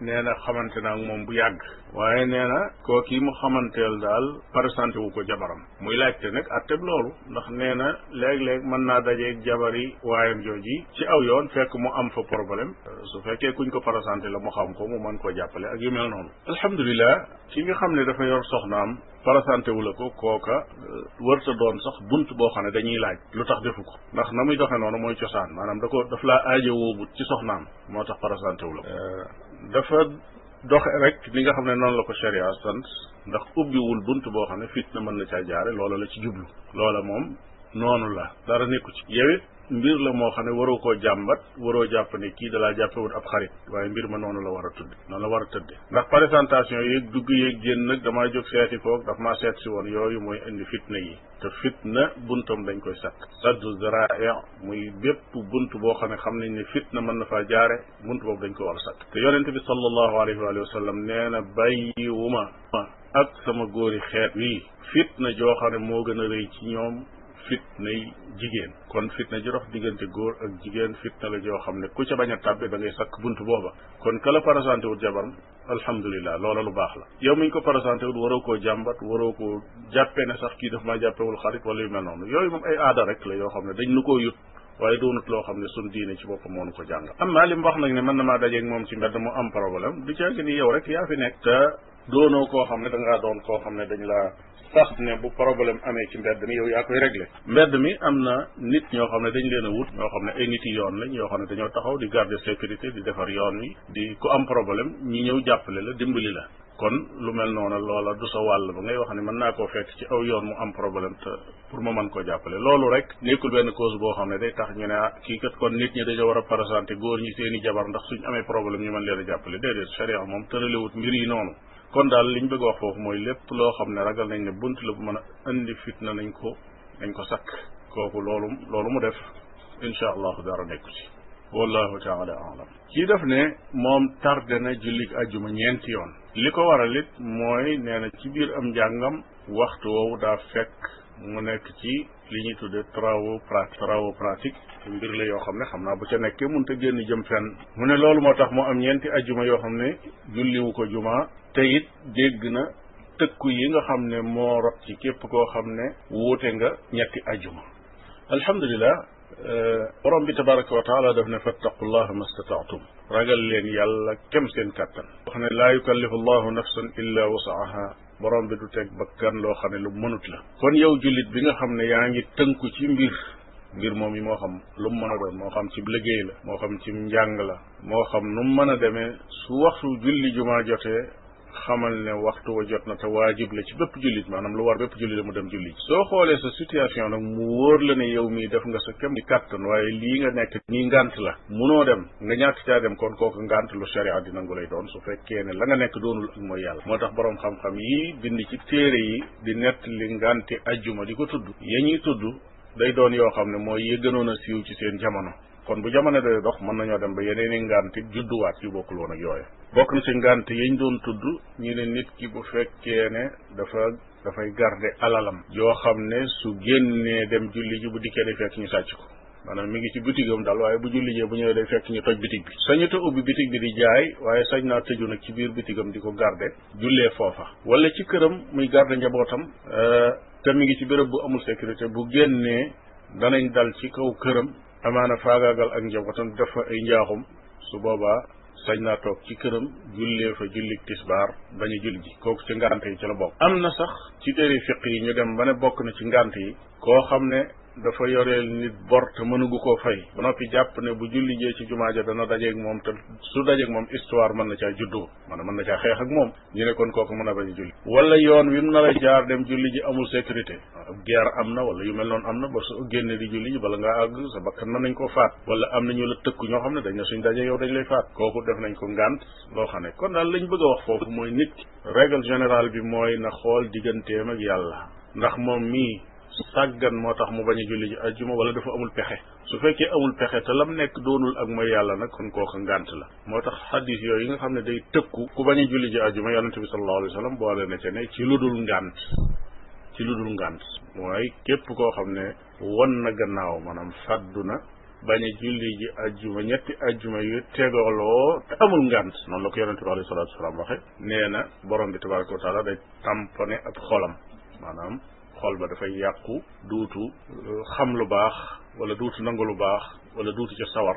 nee na xamante naa moom bu yàgg waaye nee na koo kii mu xamanteel daal présenté wu ko jabaram muy laajte nag atteb loolu ndax nee na léeg-léeg mën naa dajeeg jabari waayam jooji ci aw yoon fekk mu am fa problème su fekkee kuñ ko présenté la mu xam ko mu man koo jàppale ak yu mel noonu alhamdulilah ki nga xam ne dafa yor soxnaam présenté wu la ko kooka euh, wërta doon sax bunt boo xam ne dañuy laaj lu tax defu ko ndax na muy doxe noonu mooy cosaan maanaam da ko daf laa aajowoo bu soxnaam moo tax présenté wu dafa doxe rek li nga xam ne noon la ko sharia sant ndax ubbiwul bunt boo xam ne na mën na caa jaare loola la ci jublu loola moom noonu la dara nekku ci yow mbir la moo xam ne waru koo jàmbat waroo jàpp ne kii dalaa jàppewut ab xarit waaye mbir ma noonu la war a tudd noonu la war a tëdde ndax présentation yeeg dugg yeeg génn nag damaa jóg seeti koog daf maa seet si woon yooyu mooy indi fitna yi te fitna buntam dañ koy sakk saddu zara'i muy bépp bunt boo xam ne xam nañ ne fitna mën na faa jaare bunt boobu dañ ko war a sakk te yonente bi sallallahu alayhi wa sallam nee na bàyyiwuma ak sama góori xeet wii fitna joo xam ne moo gën a rëy ci ñoom fitnay jigéen kon fitna ji dox diggante góor ak jigéen fitna la joo xam ne ku ca bañ a tàbbi da ngay sakk bunt booba kon kala parasanté wut jabaram alhamdulilah loola lu baax la yow miñ ko parasanté wut waroo koo jàmbat waroo ko jàppee ne sax kii daf ma jàppewul xarit wala yu mel noonu yooyu moom ay aada rek la yoo xam ne dañ nu ko yut waaye doonut loo xam ne sun diine ci boppam moonu ko jàng am naa li mu wax nag ne mën na maa dajeeg moom ci mbedd mu am problème doonoo koo xam ne danga ngaa doon koo xam ne dañu laa sax ne bu problème amee ci mbedd mi yow yaa koy réglé mbedd mi am na nit ñoo xam ne dañ leen a wut ñoo xam ne nit yi yoon lañ yoo xam ne dañoo taxaw di garder sécurité di defar yoon wi di ku am problème ñi ñëw jàppale la dimbali la kon lu mel noonu loola du sa wàll ba ngay wax ne mën naa koo fekk ci aw yoon mu am problème te pour ma mën ko jàppale loolu rek nekkul benn cause boo xam ne day tax ñu ne ah kii kat kon nit ñi dañoo war a présenté góor ñi seen i jabar ndax suñ amee problème ñu mën leen a mbir yi noonu kon daal liñ bëgg wax foofu mooy lépp loo xam ne ragal nañ ne bunt la bu mën a indi fitna nañ ko nañ ko sakk kooku loolu loolu mu def incha allahu dara nekku ci wallahu taala alam kii def ne moom tardé na jullig ajjuma ñeenti yoon li ko waral it mooy nee na ci biir am njàngam waxtu woowu daa fekk mu nekk ci li ñuy tudde travaux pratiques travaux pratiques mbir la yoo xam ne xam naa bu ca nekkee mënut a génn jëm fen mu ne loolu moo tax mu am ñeenti ajuma yoo xam ne julliwu ko juma te it dégg na tëkku yi nga xam ne moo rot ci képp koo xam ne wuute nga ñetti ajjuma alhamdulilah euh, borom bi tabaraka wa taala daf ne fattaqullaha mastataatum ragal leen yàlla kem seen kàttan wax ne laa yukallifu allahu nafsan illa wasaaha borom bi du teg bakkan loo xam ne lu mënut la kon yow jullit bi nga xam ne yaa ngi tënku ci mbir ngir moom yi moo xam lu mu mën a doon moo xam ci liggéey la moo xam ci njàng la moo xam nu mën a demee su waxtu julli jumaa jotee xamal ne waxtu wa jot na te waajib la ci bépp jullit maanaam lu war bépp jullit la mu dem julli soo xoolee sa situation nag mu wóor la ne yow mii def nga sa kem di kàttan waaye lii nga nekk nii ngànt la munoo dem nga ñàkk caa dem kon kooku ngant lu sharia di nangu lay doon su fekkee ne la nga nekk doonul ak mooy yàlla moo tax boroom xam-xam yi bind ci téere yi di nett li ngànti ajjuma di ko tudd ya ñuy tudd day doon yoo xam ne mooy yë gënoon a siiw ci seen jamono kon bu jamono day dox mën nañoo dem ba yeneen i judduwaat yu bokkul woon ak yooya. bokk na ci ngànt yiñ doon tudd ñu ne nit ki bu fekkee ne dafa dafay garder alalam. yoo xam ne su génnee dem julli ji bu dikkee day fekk ñu sàcc ko. maanaam mu ngi ci bitigam daal waaye bu julli jee bu ñëwee day fekk ñu toj bitig bi sañu te ubbi bitig bi di jaay waaye sañ naa tëju nag ci biir bitigam di ko garde jullee foofa wala ci këram muy garde njabootam euh, te mi ngi ci béréb bu amul sécurité bu génnee danañ dal ci kaw këram amaana faagaagal ak njabootam def fa ay njaaxum su boobaa sañ naa toog ci këram jullee fa jullik tisbaar bañ a julli ji kooku ci ngante yi ci la bokk am na sax ci téere fiq yi ñu dem ba ne bokk na ci ngante yi koo xam ne dafa yoreel nit bor te mënugu koo fay ba noppi jàpp ne bu julli jee ci jumaa ja dana dajeek moom te su dajeeg moom histoire mën na caa juddoo maanaam mën na caa xeex ak moom ñu ne kon kooku mën a bañ a julli wala yoon wi mu nar jaar dem julli ji amul sécurité ab guerre am na yu mel noonu am na ba génne di julli ji bala ngaa àgg sa bakkan mën nañ ko faat wala am na ñu la tëkk ñoo xam ne dañ suñ daje yow dañ lay faat kooku def nañ ko ngànt loo xam ne kon daal lañ bëgg a wax foofu mooy nit règle générale bi mooy na xool digganteem ak yàlla ndax moom mi sàggan moo tax mu bañ a julli ji ajjuma wala dafa amul pexe su fekkee amul pexe te lam nekk doonul ak ma yàlla nag kon kooka ngant la moo tax xadis yooyu yi nga xam ne day tëkku ku bañ julli ji ajjuma yonente bi sallallahu alayhi wa sallam boole na ca ne ci lu dul ngànt ci lu dul ngànt mooy képp koo xam ne won na gannaaw maanaam fàddu na bañ a julli ji ajjuma ñetti ajjuma yu tegaloo te amul ngànt noonu la ko yonente bi alayhi salatu wasalaam waxe nee na borom bi tabaraka wa taala ab xolam maanaam xol ba dafay yàqu duutu euh, xam lu baax wala duutu nangu lu baax wala duutu ca sawar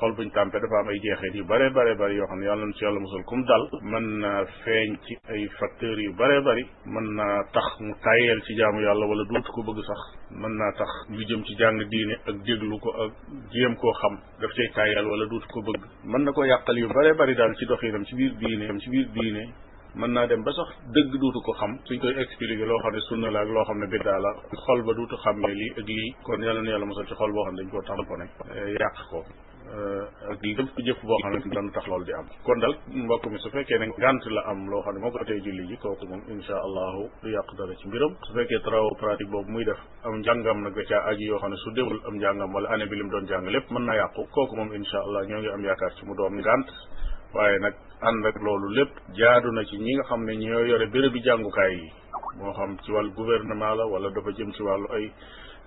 xol buñ tàmpee dafa am ay jeexeet yu bare bare bari yoo xam ne yàlla na ci yàlla musal kum dal mën na feeñ ci ay facteurs yu bare bari mën naa tax mu tàyyeel ci jaamu yàlla wala duutu ko bëgg sax mën naa tax lu jëm ci jàng diine ak déglu ko ak jéem koo xam daf cay tàyyeel wala duutu ko bëgg mën na ko yàqal yu bare bari daal ci doxinam ci biir diine am ci biir diine mën naa dem ba sax dëgg duutu ko xam suñ koy expliquer loo xam ne sunna la ak loo xam ne biddaa la xol ba duutu xam ne lii ak lii kon yàlla na yàlla mosal ci xol boo xam ne dañ koo tamponné eh, ko eh, ak jëf boo xam ne dana tax loolu di am kon dal mbokk mi su fekkee ne gànt la am loo xam ne moo ko tey julli ji kooku moom insha allahu du yàq dara ci mbiram su fekkee travaux pratique boobu muy def am njàngam nag da caa aji yoo xam ne su déwul am njàngam wala année bi lim doon jàng lépp mën na yàqu kooku moom insha allah ñoo ngi am yaakaar ci mu waaye nag ànd rek loolu lépp jaadu na ci ñi nga xam ne ñoo yore bérébu jàngukaay yi moo xam ci wàllu gouvernement la wala dafa jëm ci wàllu ay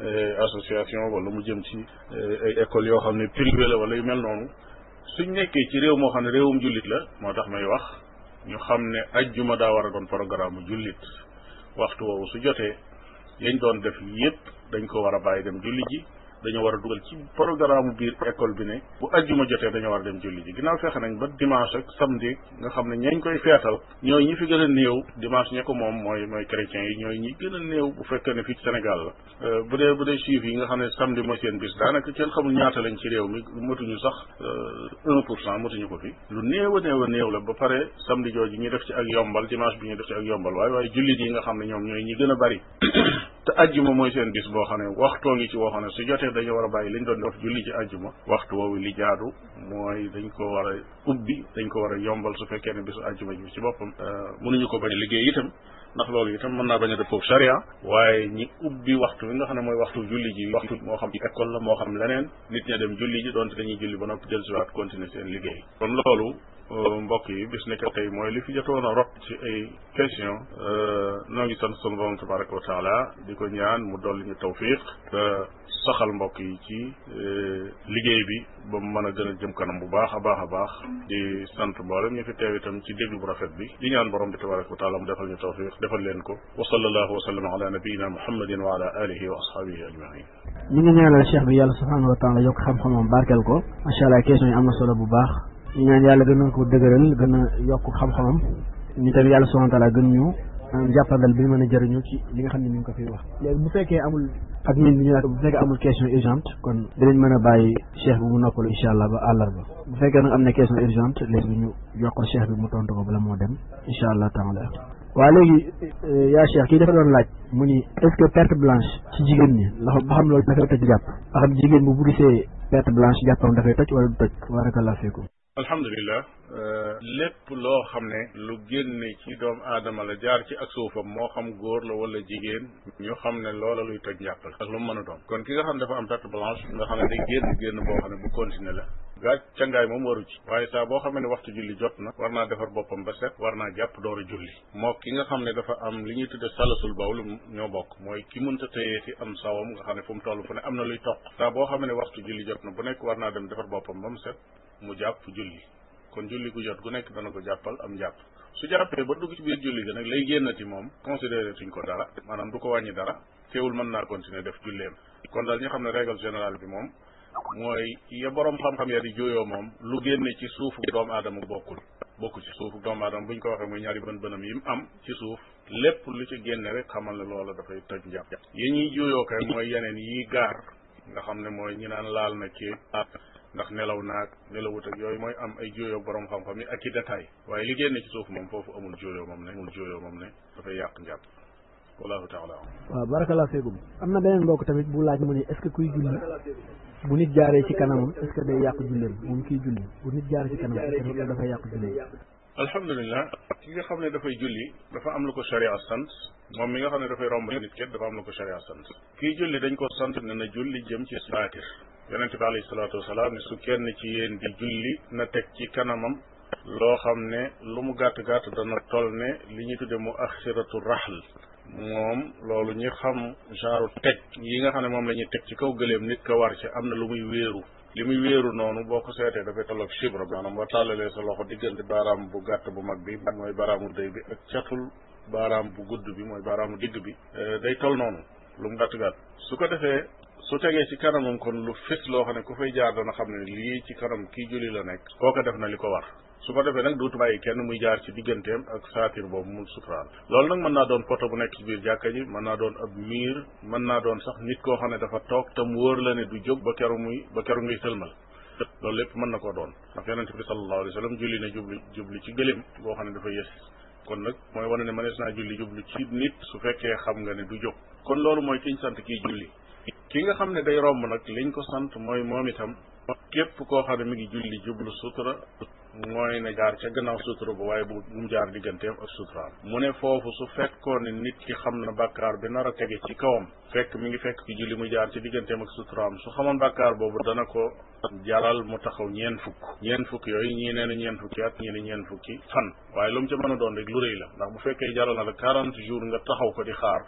eh, association wala mu jëm ci eh, ay écoles yoo xam ne privé la wala yu mel noonu suñ nekkee ci réew moo xam ne réewum jullit la moo tax may wax ñu xam ne ajjuma daa war a doon programme jullit waxtu woowu su jotee lañ doon def yépp dañ ko war a bàyyi dem julli ji dañoo war a dugal ci programme biir école bi ne bu ajjuma jotee dañoo war a dem julli ji ginaaw fexe nañ ba dimanche ak samedi nga xam ne ñañ koy feetal ñooy ñi fi gën a néew dimanche ña ko moom mooy mooy chrétiens yi ñooy ñi néew bu fekkee ne fii ci Sénégal la euh, bu dee yi nga xam ne samedi mooy seen bis daanaka kenn xamul ñaata lañ ci réew mi matuñu sax euh, un pour cent ko fi lu néew a néew a néew la ba pare samedi yi ñu def ci ak yombal dimanche bi ñu def ci ak yombal waaye waaye jullit yi nga xam ne ñoom ñooy ñi gën a bari te ajjuma mooy seen bis boo xam ne waxtoo ngi ci woo xam ne su jotee dañu war a bàyyi liñ doon def julli ci ajjuma waxtu woowu li jaadu mooy dañ ko war a ubbi dañ ko war a yombal su fekkee ne bisu ajjuma ji ci boppam euh, mënuñu ko bañ liggéey itam ndax loolu itam mën naa bañ a dëppoog charia waaye ñi ubbi waxtu bi nga xam ne mooy waxtu julli ji waxtu moo xam école la moo xam leneen nit ña dem julli ji doonte dañuy julli ba noppi dellusiwaat continuer seen liggéey kon loolu Euh, mbokk yi bis nekk tey mooy li fi jotoon a rot ci ay question euh, noo ngi sant sunu borom tabaraka wa taala di ko ñaan mu dolli ñu tawfiq te saxal mbokk yi ci euh, liggéey bi ba mu mën a gën a jëm kanam bu baax a baax a baax di sant mboolem ñu fi teew itam ci déglu bu rafet bi di ñaan borom bi tabaraka wa taala mu defal ñu tawfiq defal leen ko wa sallallahu wa sallam ala nabiyina muhammadin wa ala alihi wa ashabihi ajmain ñu ngi ñaanal cheikh bi yàlla subhanahu wa taala yokk xam-xamam barkeel ko macha allah question yi am na solo bu baax ñu ñaan yàlla gën a ko dëgëral gën a yokk xam-xamam ni tamit yàlla subhanahu wa taala gën ñu maanaam euh, jàppandal bi mën a jëriñu ci li nga xam ne ñu ngi ko fi wax léegi bu fekkee amul ak min bi ñu bu fekkee amul question urgente kon dinañ man a bàyyi cheikh bi mu noppalu incha allah ba àllarba bu fekkee nag am ne question urgente léegi ñu yokkal cheikh bi mu tontu ko bala moo dem incha allah taala waaw léegi euh, yaa cheikh kii dafa doon laaj mu ni est-ce que perte ñi ndax ba xam loolu dafay toj jàpp ba xam jigéen bu bu gisee perte blanche jàppam dafay toj wala du alhamdulilah euh, lépp loo xam ne lu génne ci doom aadama la jaar ci ak suufam moo xam góor la wala jigéen ñoo xam ne loola luy toj njàpp la ak lu mu mën a doon kon ki nga xam ne dafa am perte blanche nga xam ne day génn génn boo xam ne bu continuer la gaaj cangaay moom waru ci waaye saa boo xamee ne waxtu julli jot na war naa defar boppam ba set war naa jàpp door a julli moo ki nga xam ne dafa am li ñuy tudde salasul bawl ñoo bokk mooy ki mënta téyeeti am sawam nga xam ne fu mu toll fu ne am na luy toq saa boo xamee ne waxtu julli jot na bu nekk war naa dem defar boppam ba mu set jàpp julli kon julli gu jot gu nekk dana ko jàppal am jàpp su jàppee ba dugg ci biir julli ga nag lay génnati moom considéré tuñ ko dara maanaam du ko wàññi dara teewul mën naa continuer def julleem kon daal ñu xam ne règle générale bi moom mooy ya borom xam-xam ya di juyoo moom lu génne ci suufu doomu aadama bokkul bokku ci suufu doomu aadama bu ñu ko waxee muy ñaari bën bënam yi mu am ci suuf lépp lu ci génne rek xamal ne loola dafay toj njàpp yi ñuy juyoo kay mooy yeneen yi gaar nga xam ne mooy ñi naan laal na ci ndax nelaw naag nelawut ak yooyu mooy am ay juyoo borom xam-xam yi ak de détail waaye li génne ci suuf moom foofu amul juyoo moom ne amul juyoo moom ne dafay yàq njàpp wallahu taala waaw barakalaa bu nit jaaree ci kanamam est-ce que day yàq julleem moom kii julli bu nit jaaree ci kanamam est-ce que dafay yàq julleem alhamdulilah ki nga xam ne dafay julli dafa am lu ko sharia sant moom mi nga xam ne dafay romb nit ket dafa am lu ko sharia sant kii julli dañ ko sant ne na julli jëm ci saatir yonent bi alayhi salaatu wasalaam ne su kenn ci yéen di julli na teg ci kanamam loo xam ne lu mu gàtt gàtt dana toll ne li ñuy tudde mu axiratu raxl moom loolu ñi xam genre teg yi nga xam ne moom la ñuy teg ci kaw gëléem nit ka war ci am na lu muy wéeru li muy wéeru noonu boo ko seetee dafay tolloog chibra maanaam boo tàllalee sa loxo diggante baaraam bu gàtt bu mag bi mooy baaraamu dëy bi ak catul baaraam bu gudd bi mooy baaraamu digg bi eh, day tol noonu lu mu gàtt gàtt su ko defee su tegee ci kanamam kon lu fés loo xam ne ku fay jaar dana xam ne lii ci kanam kii julli la nekk kooka def na li ko war su ko defee nag dootu bàyyi kenn muy jaar ci digganteem ak saatir boobu mu suturaal loolu nag mën naa doon poto bu nekk ci biir jàkka ji mën naa doon ab miir mën naa doon sax nit koo xam ne dafa toog te mu wóor la ne du jóg ba keru muy ba keru ngay sëlmal loolu lépp mën na koo doon ndax yonente bi sallallahu alayhi wa sallam julli na jubli jubli ci gëléem boo xam ne dafa yës kon nag mooy wane ne mënees naa julli jublu ci nit su fekkee xam nga ne du jóg kon loolu mooy kiñ sant kii julli ki nga xam ne day romb nag liñ ko sant mooy moom itam képp koo xam ne mi ngi julli jublu sutura mooy na jaar ca gannaaw sutura ba waaye bu mu jaar digganteem ak suturaam mu ne foofu su fekkoon ne nit ki xam na bàkkaar bi nar a tege ci kawam fekk mi ngi fekk ki julli mu jaar ci digganteem ak suturaam su xamoon bàkkaar boobu dana ko jalal mu taxaw ñeen fukk ñeen fukki yooyu ñii nee na ñeen fukki at ñii ne ñeen fukki fan waaye lu mu ca mën a doon rek lu rëy la ndax bu fekkee jaral na la quarante jours nga taxaw ko di xaar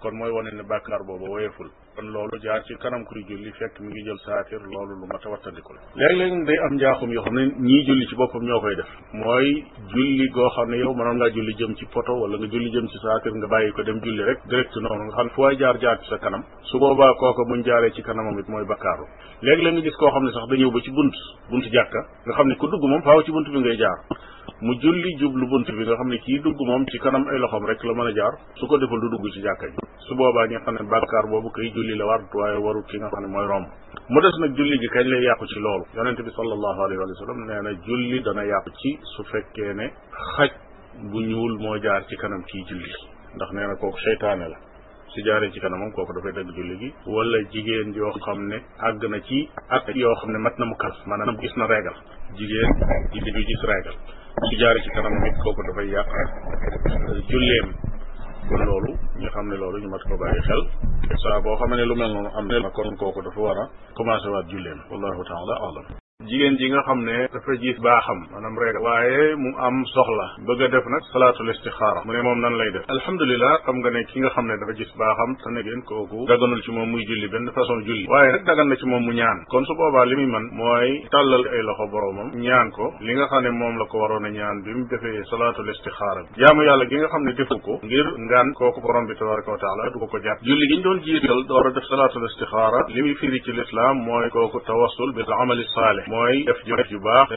kon mooy wane ne bàkkaar boobu woyeful kon loolu jaar ci kanam kuy julli fekk mi ngi jël saatir loolu lu mat a wattandiku la léeg-léeg day am njaaxum yoo xam ne ñii julli ci boppam ñoo koy def mooy julli goo xam ne yow ma mënoon ngaa julli jëm ci poto wala nga julli jëm ci saatir nga bàyyi ko dem julli rek direct noonu nga xam fu waay jaar jaar ci sa kanam su boobaa kooka buñ jaaree ci kanamam it mooy bakkaaru léeg-léeg nga gis koo xam ne sax dañëw ba ci bunt bunt jàkka nga xam ne ku dugg moom faaw ci bunt bi ngay jaar mu julli jublu bunt bi nga xam ne kii dugg moom ci kanam ay loxoom rek la mën a jaar su ko deful du dugg ci jàkka ji su boobaa ñi nga xam ne bàkkaar boobu kay julli la war waaye waru ki nga xam ne mooy romb mu des nag julli gi kañ lay yàqu ci loolu yonent bi sallallahu alayhi wa sallam nee na julli dana yàqu ci su fekkee ne xaj bu ñuul moo jaar ci kanam kii julli ndax nee na kooku seytaane la su jaaree ci kanamam kooku dafay dagg julli gi wala jigéen yoo xam ne àgg na ci at yoo xam ne mat na mu kal maanaam gis na régal jigéen ji di gis régal su jaaree ci kanam nit kooku dafay yàq julleem kon loolu ñu xam ne loolu ñu mat ko bàyyi xel saa boo xam ne lu mel noonu am na kon kooku dafa war a commencé waat julleem wallahu taala alam jigéen ji nga xam ne dafa gis baaxam maanaam rek waaye mu am soxla bëgg a def nag salaatul istixaara mu ne moom nan lay def alhamdulilah xam nga ne ki nga xam ne dafa gis baaxam te ne ngeen kooku daganul ci moom muy julli benn façon julli waaye nag dagan na ci moom mu ñaan kon su boobaa li muy man mooy tàllal ay loxo boroomam ñaan ko li nga xam ne moom la ko waroon a ñaan bi mu defee salaatul istixaara bi jaamu yàlla gi nga xam ne defu ko ngir ngaan kooku borom bi tabaraka wa taala du ko ko jàpp julli gi ñu doon jiital door a def salaatul istixaara li muy firi ci lislaam mooy kooku tawassul bil amali saalih mooy def jëf ju baax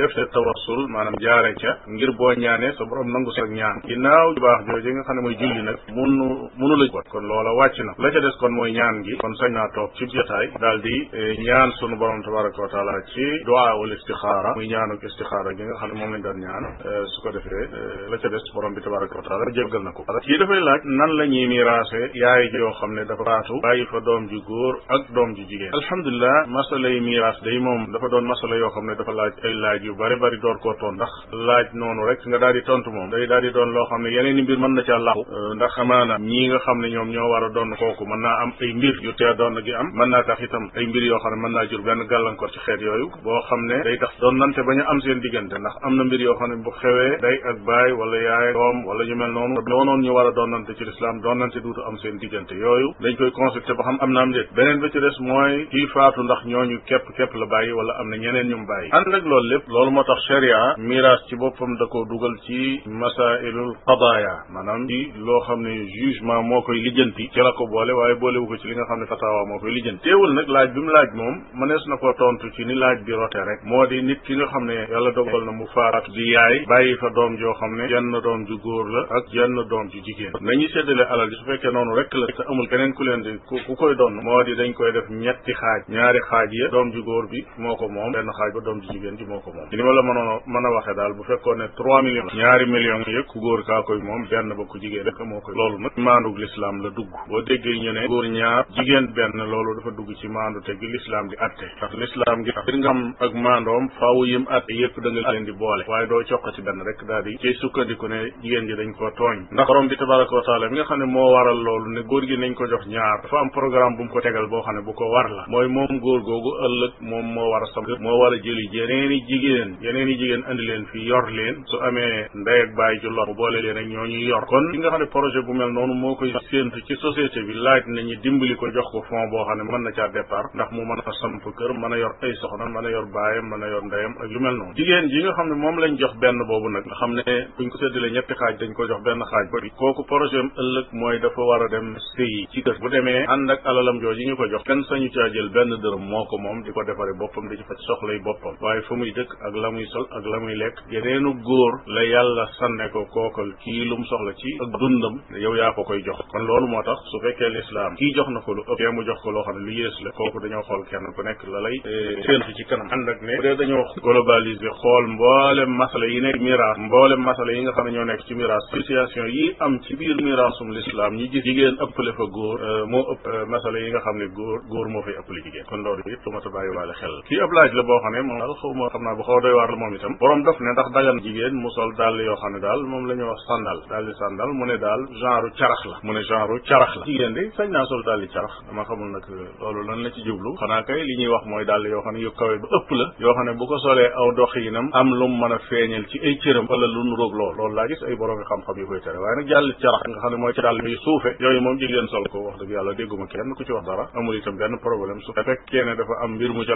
def sa tawassul maanaam jaare ca ngir boo ñaanee sa borom nangu sa ñaan ginnaaw ju baax jooju nga xam ne mooy julli nag munu munu la jot kon loola wàcc na la ca des kon mooy ñaan gi kon sañ naa toog ci jotaay daal di eh, ñaan sunu borom tabaraka wa taala ci duaa wal istixaara muy ñaanuk istixaara gi nga xam ne moom lañ doon ñaan eh, su ko defee eh, la ca des boroom bi tabaraka wa taala jéggal na ko kii dafay laaj nan la ñuy miraase yaay joo xam ne dafa faatu bàyyi fa doom ji góor ak doom ji jigéen alhamdulilah masala miraas day moom dafa doon masala yoo xam ne dafa laaj ay laaj yu bari bari door koo toon ndax laaj noonu rek nga daal di tontu moom day daal di doon loo xam ne yeneen mbir mën na caa làqu ndax amaana ñii nga xam ne ñoom ñoo war a doon kooku mën naa am ay mbir yu tee doon gi am mën naa tax itam ay mbir yoo xam ne mën naa jur benn gàllankoor ci xeet yooyu boo xam ne day tax doon nante bañ a am seen diggante ndax am na mbir yoo xam ne bu xewee day ak baay wala yaay doom a am na ñeneen ñu mu bàyyi ànd ak loolu lépp loo xam ne jugement moo koy lijjanti ci la ko boole waaye boolewu ko ci li nga xam ne fataawa moo koy na ko tontu ci ni laaj bi rote rek moo di nit ki nga xam ne yàlla dogal na mu faatu di yaay bàyyi fa doom joo xam ne jenn doom ju góor la ak jenn doom ju jigéen nañu séddale alal ji su fekkee noonu rek la te amul keneen ku leen di ku koy doon moo di dañ koy def ñetti xaaj ñaari xaaj ya doom ju góor bi moo ko moom benn xaaj ba doom ji jigéen ji moo ko moom li ma la mënoon mën a waxee daal bu fekkoon ne trois millions ñaari millions yëpp ku góor kaa koy moom benn ba ku jigéen rek moo koy loolu nag maandug lislaam la dugg boo déggee ñu góor ñaar jigéen benn loolu dafa dugg ci maandu te gi lislaam di atte ndax lislaam gi nga maandoom faawu yim atte yëpp da leen di boole waaye doo coqati benn rek daal di sukkandiku ne jigéen ji dañ ko tooñ ndax borom bi tabaraka wa taala mi nga xam ne moo waral loolu ne góor ko jox ñaar dafa am ne bu ko war la xam moo war a jëli yeneen i jigéen yeneen i jigéen andi leen fi yor leen su amee ndey ak bàyyi ci lor mu boole leen ak ñoo ñuy yor kon li nga xam ne projet bu mel noonu moo koy séentu ci société bi laaj nañu dimbali ko jox ko fond boo xam ne mën na caa départ ndax mu mën a samp kër mën a yor ay soxna mën a yor baayam mën a yor ndeyam ak yu mel noonu jigéen yi nga xam ne moom lañ jox benn boobu nag nga xam ne buñ ko séddale ñetti xaaj dañ ko jox benn xaaj ba kooku projet am mooy dafa war a dem sëyi ci kër bu demee ànd ak alalam jooju ñu ko jox kenn sañu caa jël benn dërëm moo ko moom di ko defare boppam di ci ak soxlay boppam waaye fa muy dëkk ak la muy sol ak la muy lekk yeneenu góor la yàlla sanne ko kookal kii lum soxla ci ak dundam yow yaa ko koy jox kon loolu moo tax su fekkee lislaam kii jox na ko lu ëpp mu jox ko loo xam ne lu yées la kooku dañoo xool kenn ku nekk la lay eh, séentu ci kanam ànd ak ne bu dee dañoo globalisé xool mboolem masala yi nekk miraas mboolem masala yi nga xam ne ñoo nekk ci miraas situation yi am ci biir miraasum lislaam ñi gis jigéen ëppale fa góor eh, moo ëpp eh, masala yi nga xam ne góor góor moo fay ëppale kon loolu laaj la boo xam ne moom daal xaw ma xam naa bu xaw a doy waar la moom itam borom daf ne ndax dagan jigéen mu sol daal yoo xam ne daal moom la ñuy wax sandal daal di sandal mu ne daal genre carax la mu ne daal euh, la ci jublu yoo xam ne yu kawe ba ëpp la yoo xam ne lu mu a feeñal ci loolu laa gis ay borom xam-xam yu koy tere waaye nag jàll carax nga xam ne mooy dàll yu suufe yooyu moom jigéen sol ko wax dëgg yàlla dégguma kenn ku ci wax dara amul itam benn problème su fekkee ne dafa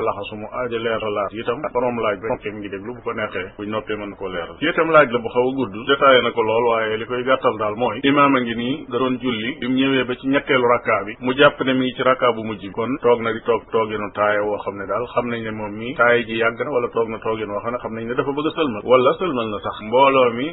a leeralaat itam borom laaj ba noppee mi ngi déglu bu ko neexee buñ noppee mën ko leeral ci itam laaj la bu xaw a gudd détaillé na ko lool waaye li koy gàttal daal mooy imaam a ngi nii da doon julli bi mu ñëwee ba ci ñetteelu rakkaa bi mu jàpp ne mi ngi ci rakkaa bu mujj bi kon toog na di toog tooginu taaye woo xam ne daal xam nañ ne moom mi taaye ji yàgg na wala toog na toogin woo xam xam nañ ne dafa bëgg a sëlmal wala sëlmal na sax mbooloo mi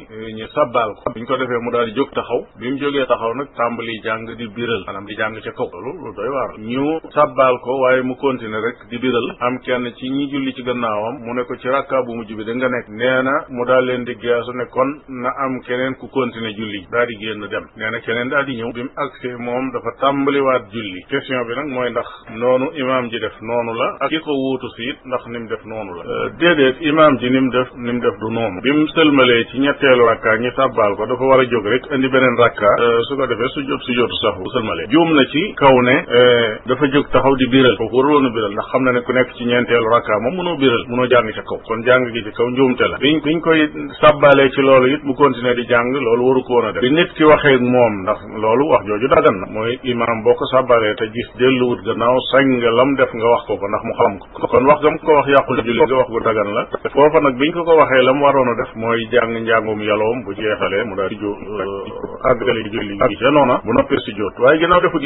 eh, ñu ñi julli ci gannaawam mu ne ko ci rakka bu mujj bi da nga nekk nee na mu daal leen di geesu ne kon na am keneen ku continuer julli daal di génn dem nee na keneen daal di ñëw bi mu agsee moom dafa tàmbaliwaat julli question bi nag mooy ndax noonu imaam ji def noonu la ak ki ko wuutu si ndax ni mu def noonu la euh, déedéet imaam ji ni mu def ni def du noonu bi mu sëlmalee ci ñetteelu rakka ñi tàbbaal ko dafa war a jóg rek indi beneen rakka euh, su ko defee su jot su jotu sax bu sëlmalee juum na ci kaw ne euh, dafa jóg taxaw di biral kooku waruloon a biral xam na ne ku nekk ci ñeenteelu rakka moom mënoo biral mënoo jàng ca kaw kon jàng gi ci kaw njuumte la biñ biñ koy sàbbalee ci loolu it mu continuer di jàng loolu waru ko woon a def bi nit ki waxee moom ndax loolu wax jooju dagan na mooy imaam boo ko sàbbalee te gis delluwut gannaaw sañ nga lam def nga wax ko ko ndax mu xam ko kon wax gam ko wax yàqul julli nga wax gu dagan la foofa nag biñ ko ko waxee lam waroon a def mooy jàng njàngum yaloom bu jeexalee mu daal di ju euh, àggale julli gi ca noona bu noppee si jóot waaye ginnaaw defut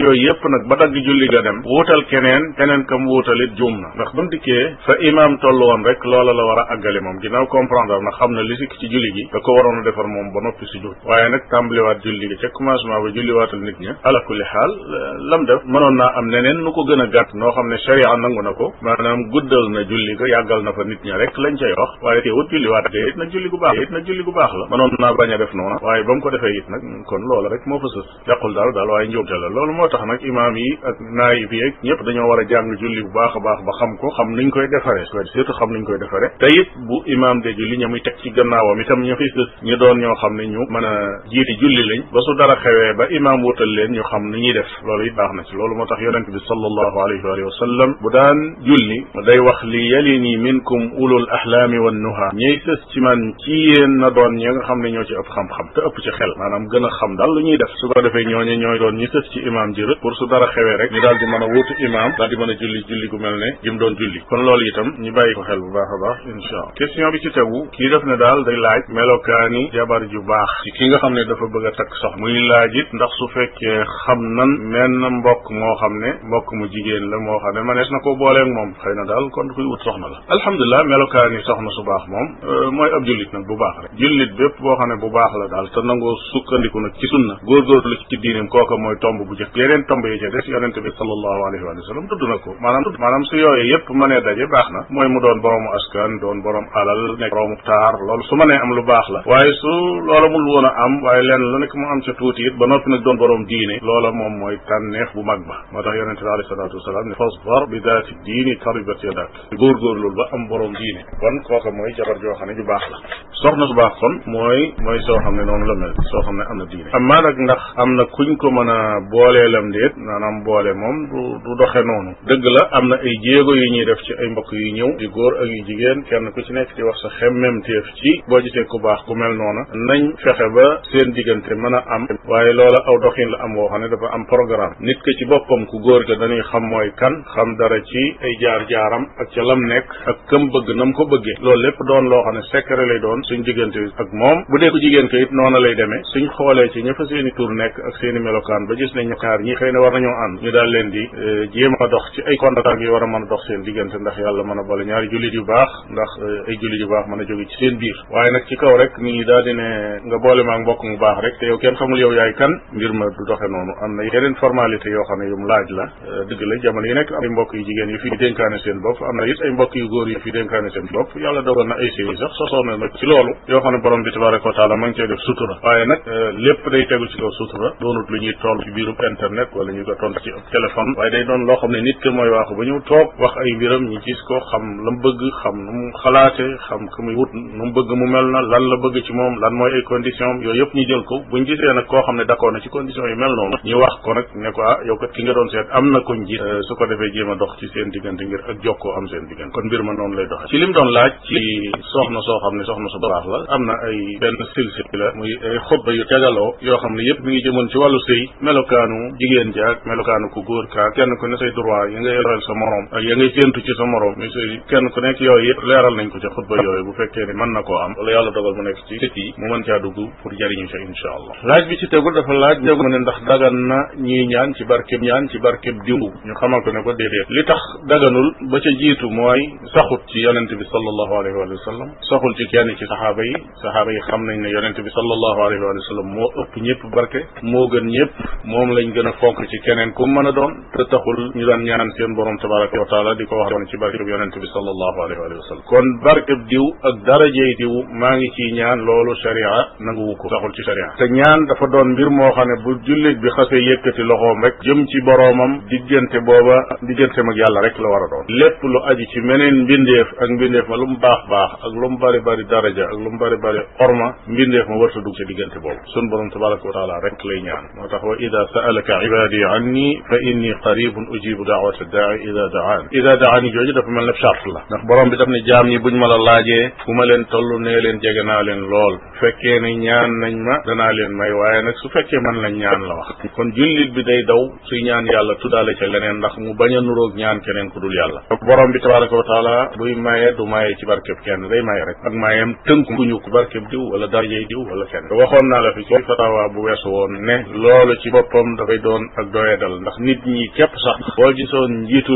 fa imaam toll woon rek loola la war a àggale moom ginnaaw comprendre na xam na li sikk ci julli gi da ko waroon a defar moom ba noppi sujud waaye nag tàmbaliwaat julli gi ca commencement ba julliwaatal nit ña ala kulli xaal lam def mënoon naa am neneen nu ko gën a gàtt noo xam ne sharia nangu na ko maanaam guddal na julli ko yàggal na fa nit ña rek lañ cay wax waaye teewut julliwaat julli gu baax nag julli gu baax la mënoon naa bañ a def noona waaye ba koy defaree Suède surtout xam koy defare te it bu imaam de julli ña muy teg ci gannaawam itam ñu fis des ñu doon ñoo xam ne ñu mën a jiiti julli lañ ba su dara xewee ba imaam wutal leen ñu xam ni ñuy def loolu it baax na ci loolu moo tax yonent bi sallallahu alayhi wa sallam bu daan julli day wax li yalini minkum ulul ahlaami wan nuha ñiy sës ci man ci yéen na doon ñi nga xam ne ñoo ci ëpp xam-xam te ëpp ci xel maanaam gën a xam daal lu ñuy def su ko defee ñooñu ñooy doon ñi sës ci imaam ji rek pour su dara xewee rek ñu daal di mën a wutu imaam daal di mën a mel ne doon julli loolu itam ñu bàyyi ko xel bu baax a baax insha allah question bi ci tegu kii def ne daal day laaj melokaani jabar ju baax ci ki nga xam ne dafa bëgg a takk sox muy laaj it ndax su fekkee xam nan menn mbokk moo xam ne mbokk mu jigéen la moo xam ne manees na ko booleeg moom xay na daal kon kuy wut soxna la alhamdulilah melokaani soxna su baax moom euh, mooy ab jullit nag bu baax rek jullit bépp boo xam ne bu baax la daal te nangoo sukkandiku nag ci sunna góorgóorlu ci diineem kooka mooy tomb bu jëkk yeneen tomb yi ca des yonente bi sallallahu alayhi wa sallam tudd na ko maanaam maanaam su yooyee yépp baax na mooy mu doon boroomu askan doon borom alal nekk boroomu taar loolu su ma nee am lu baax la waaye su loola mul woon a am waaye lenn lu nekk mu am ca tuuti it ba noppi nag doon borom diine loola moom mooy tànneex bu mag ba moo tax yonente bi alayhi salaatu wasalaam ne fasbar bi daati diini ba diine kon kooka mooy jabar joo xam ne ju baax la soxna su baax kon mooy mooy soo xam ne noonu la mel soo xam ne am na diine amaa nag ndax am na kuñ ko mën a boolee lam déet naanaam boole moom du du doxe noonu dëgg la am na ay jéego yu ñuy def ci mbokk yu ñëw di góor ak yu jigéen kenn ku ci nekk di wax sa xemmemteef ci boo gisee ku baax ku mel noona nañ fexe ba seen diggante mën a am waaye loola aw doxin la am woo xam ne dafa am programme nit ki ci boppam ku góor ga dañuy xam mooy kan xam dara ci ay jaar-jaaram ak ca lam nekk ak këm bëgg nam ko bëggee loolu lépp doon loo xam ne secret lay doon suñ diggante ak moom bu dee ku jigéen ko it noona lay demee suñ xoolee ci ña fa i tur nekk ak seen i melokaan ba gis nañ na war nañoo ànd ñu daal leen di eh, jéem a dox ci ay contact yi war a mën a dox seen yàlla mën a boole ñaari jullit yu baax ndax eh, ay jullit yu baax mën a jóge ci seen biir waaye nag ci kaw rek nit ñi daal di ne nga boole maag mbokk mu baax rek te yow kenn xamul yow yaay kan mbir ma du doxe noonu am na yeneen formalité yoo xam ne yu laaj la eh, dëgg la jamono yi nekk am ay mbokk yu jigéen yu fi dénkaane seen bopp am na it ay mbokk yu góor yu fi dénkaane seen bopp yàlla dogoon na ay séy sax sosoon nag ci loolu yoo xam ne borom bi tabaraka gis ko xam la mu bëgg xam nu mu xalaate xam ku muy wut nu mu bëgg mu mel na lan la bëgg ci moom lan mooy ay condition yooyu yëpp ñu jël ko bu buñ gisee nag koo xam ne d'accord na ci condition yi mel noonu ñu wax ko nag ne ko ah yow ki nga doon seet am na koñ ji euh, su ko defee jéem a dox ci seen diggante ngir ak ko am seen diggante kon mbir ma noonu lay doxee ci lim doon laaj ci soxna soo xam ne soxna su baax la am na ay benn silsila muy ay xutba yu yoo xam ne yëpp mi ngi jëmoon ci wàllu sëy melokaanu jigéen jaak melokaanu ku góor kaak kenn ku ne say droit yi ngay yoral ci sa morom taxaw mesures kenn ku nekk yooyu leeral nañ ko ca xutba yooyu bu fekkee ne mën na koo am wala yàlla dogal mu nekk ci sët mu mën caa dugg pour jariñu ca insha laaj bi ci tegu dafa laaj mu ne ndax dagan na ñii ñaan ci barkeb ñaan ci barkeb diw ñu xamal ko ne ko déedéet li tax daganul ba ca jiitu mooy saxut ci yonente bi wa sallam saxul ci kenn ci saxaaba yi saxaaba yi xam nañ ne yonente bi sallallahu alayhi wa sallam moo ëpp ñëpp barke moo gën ñëpp moom lañ a a wa sallam kon barkeb diw ak darajey diw maa ngi ciy ñaan loolu sharia nanguwu ko saxul ci sharia te ñaan dafa doon mbir moo xam ne bu jullit bi xasee yëkkati loxoom rek jëm ci boroomam diggante booba digganteem ak yàlla rek la war a doon lépp lu aji ci meneen mbindeef ak mbindeef ma lu mu baax baax ak lu mu bari bari daraja ak lu mu bari bari xorma ma warta dugg ci diggante boobu sun borom tabaraka wa taala rek lay ñaan moo tax wa ida saalaka ibadi anni fa inni qaribun ujibu a daai ida dafa mel ne charte la ndax borom bi daf ne jaam ñi buñ ma la laajee fu ma leen toll nee leen jege naa leen lool fekkee ne ñaan nañ ma danaa leen may waaye nag su fekkee man lañ ñaan la wax kon jullit bi day daw suy ñaan yàlla tuddaale ca leneen ndax mu bañ a nuroog ñaan keneen ku dul yàlla borom bi tabaraka wa taala buy maye du maye ci barkeb kenn day maye rek ak mayeem ku ko barkeb diw wala darajey diw wala kenn waxoon naa la fi ci fatawa bu weesu woon ne loolu ci boppam dafay doon ak doyadal ndax nit ñi képp sax boo gisoon njiitu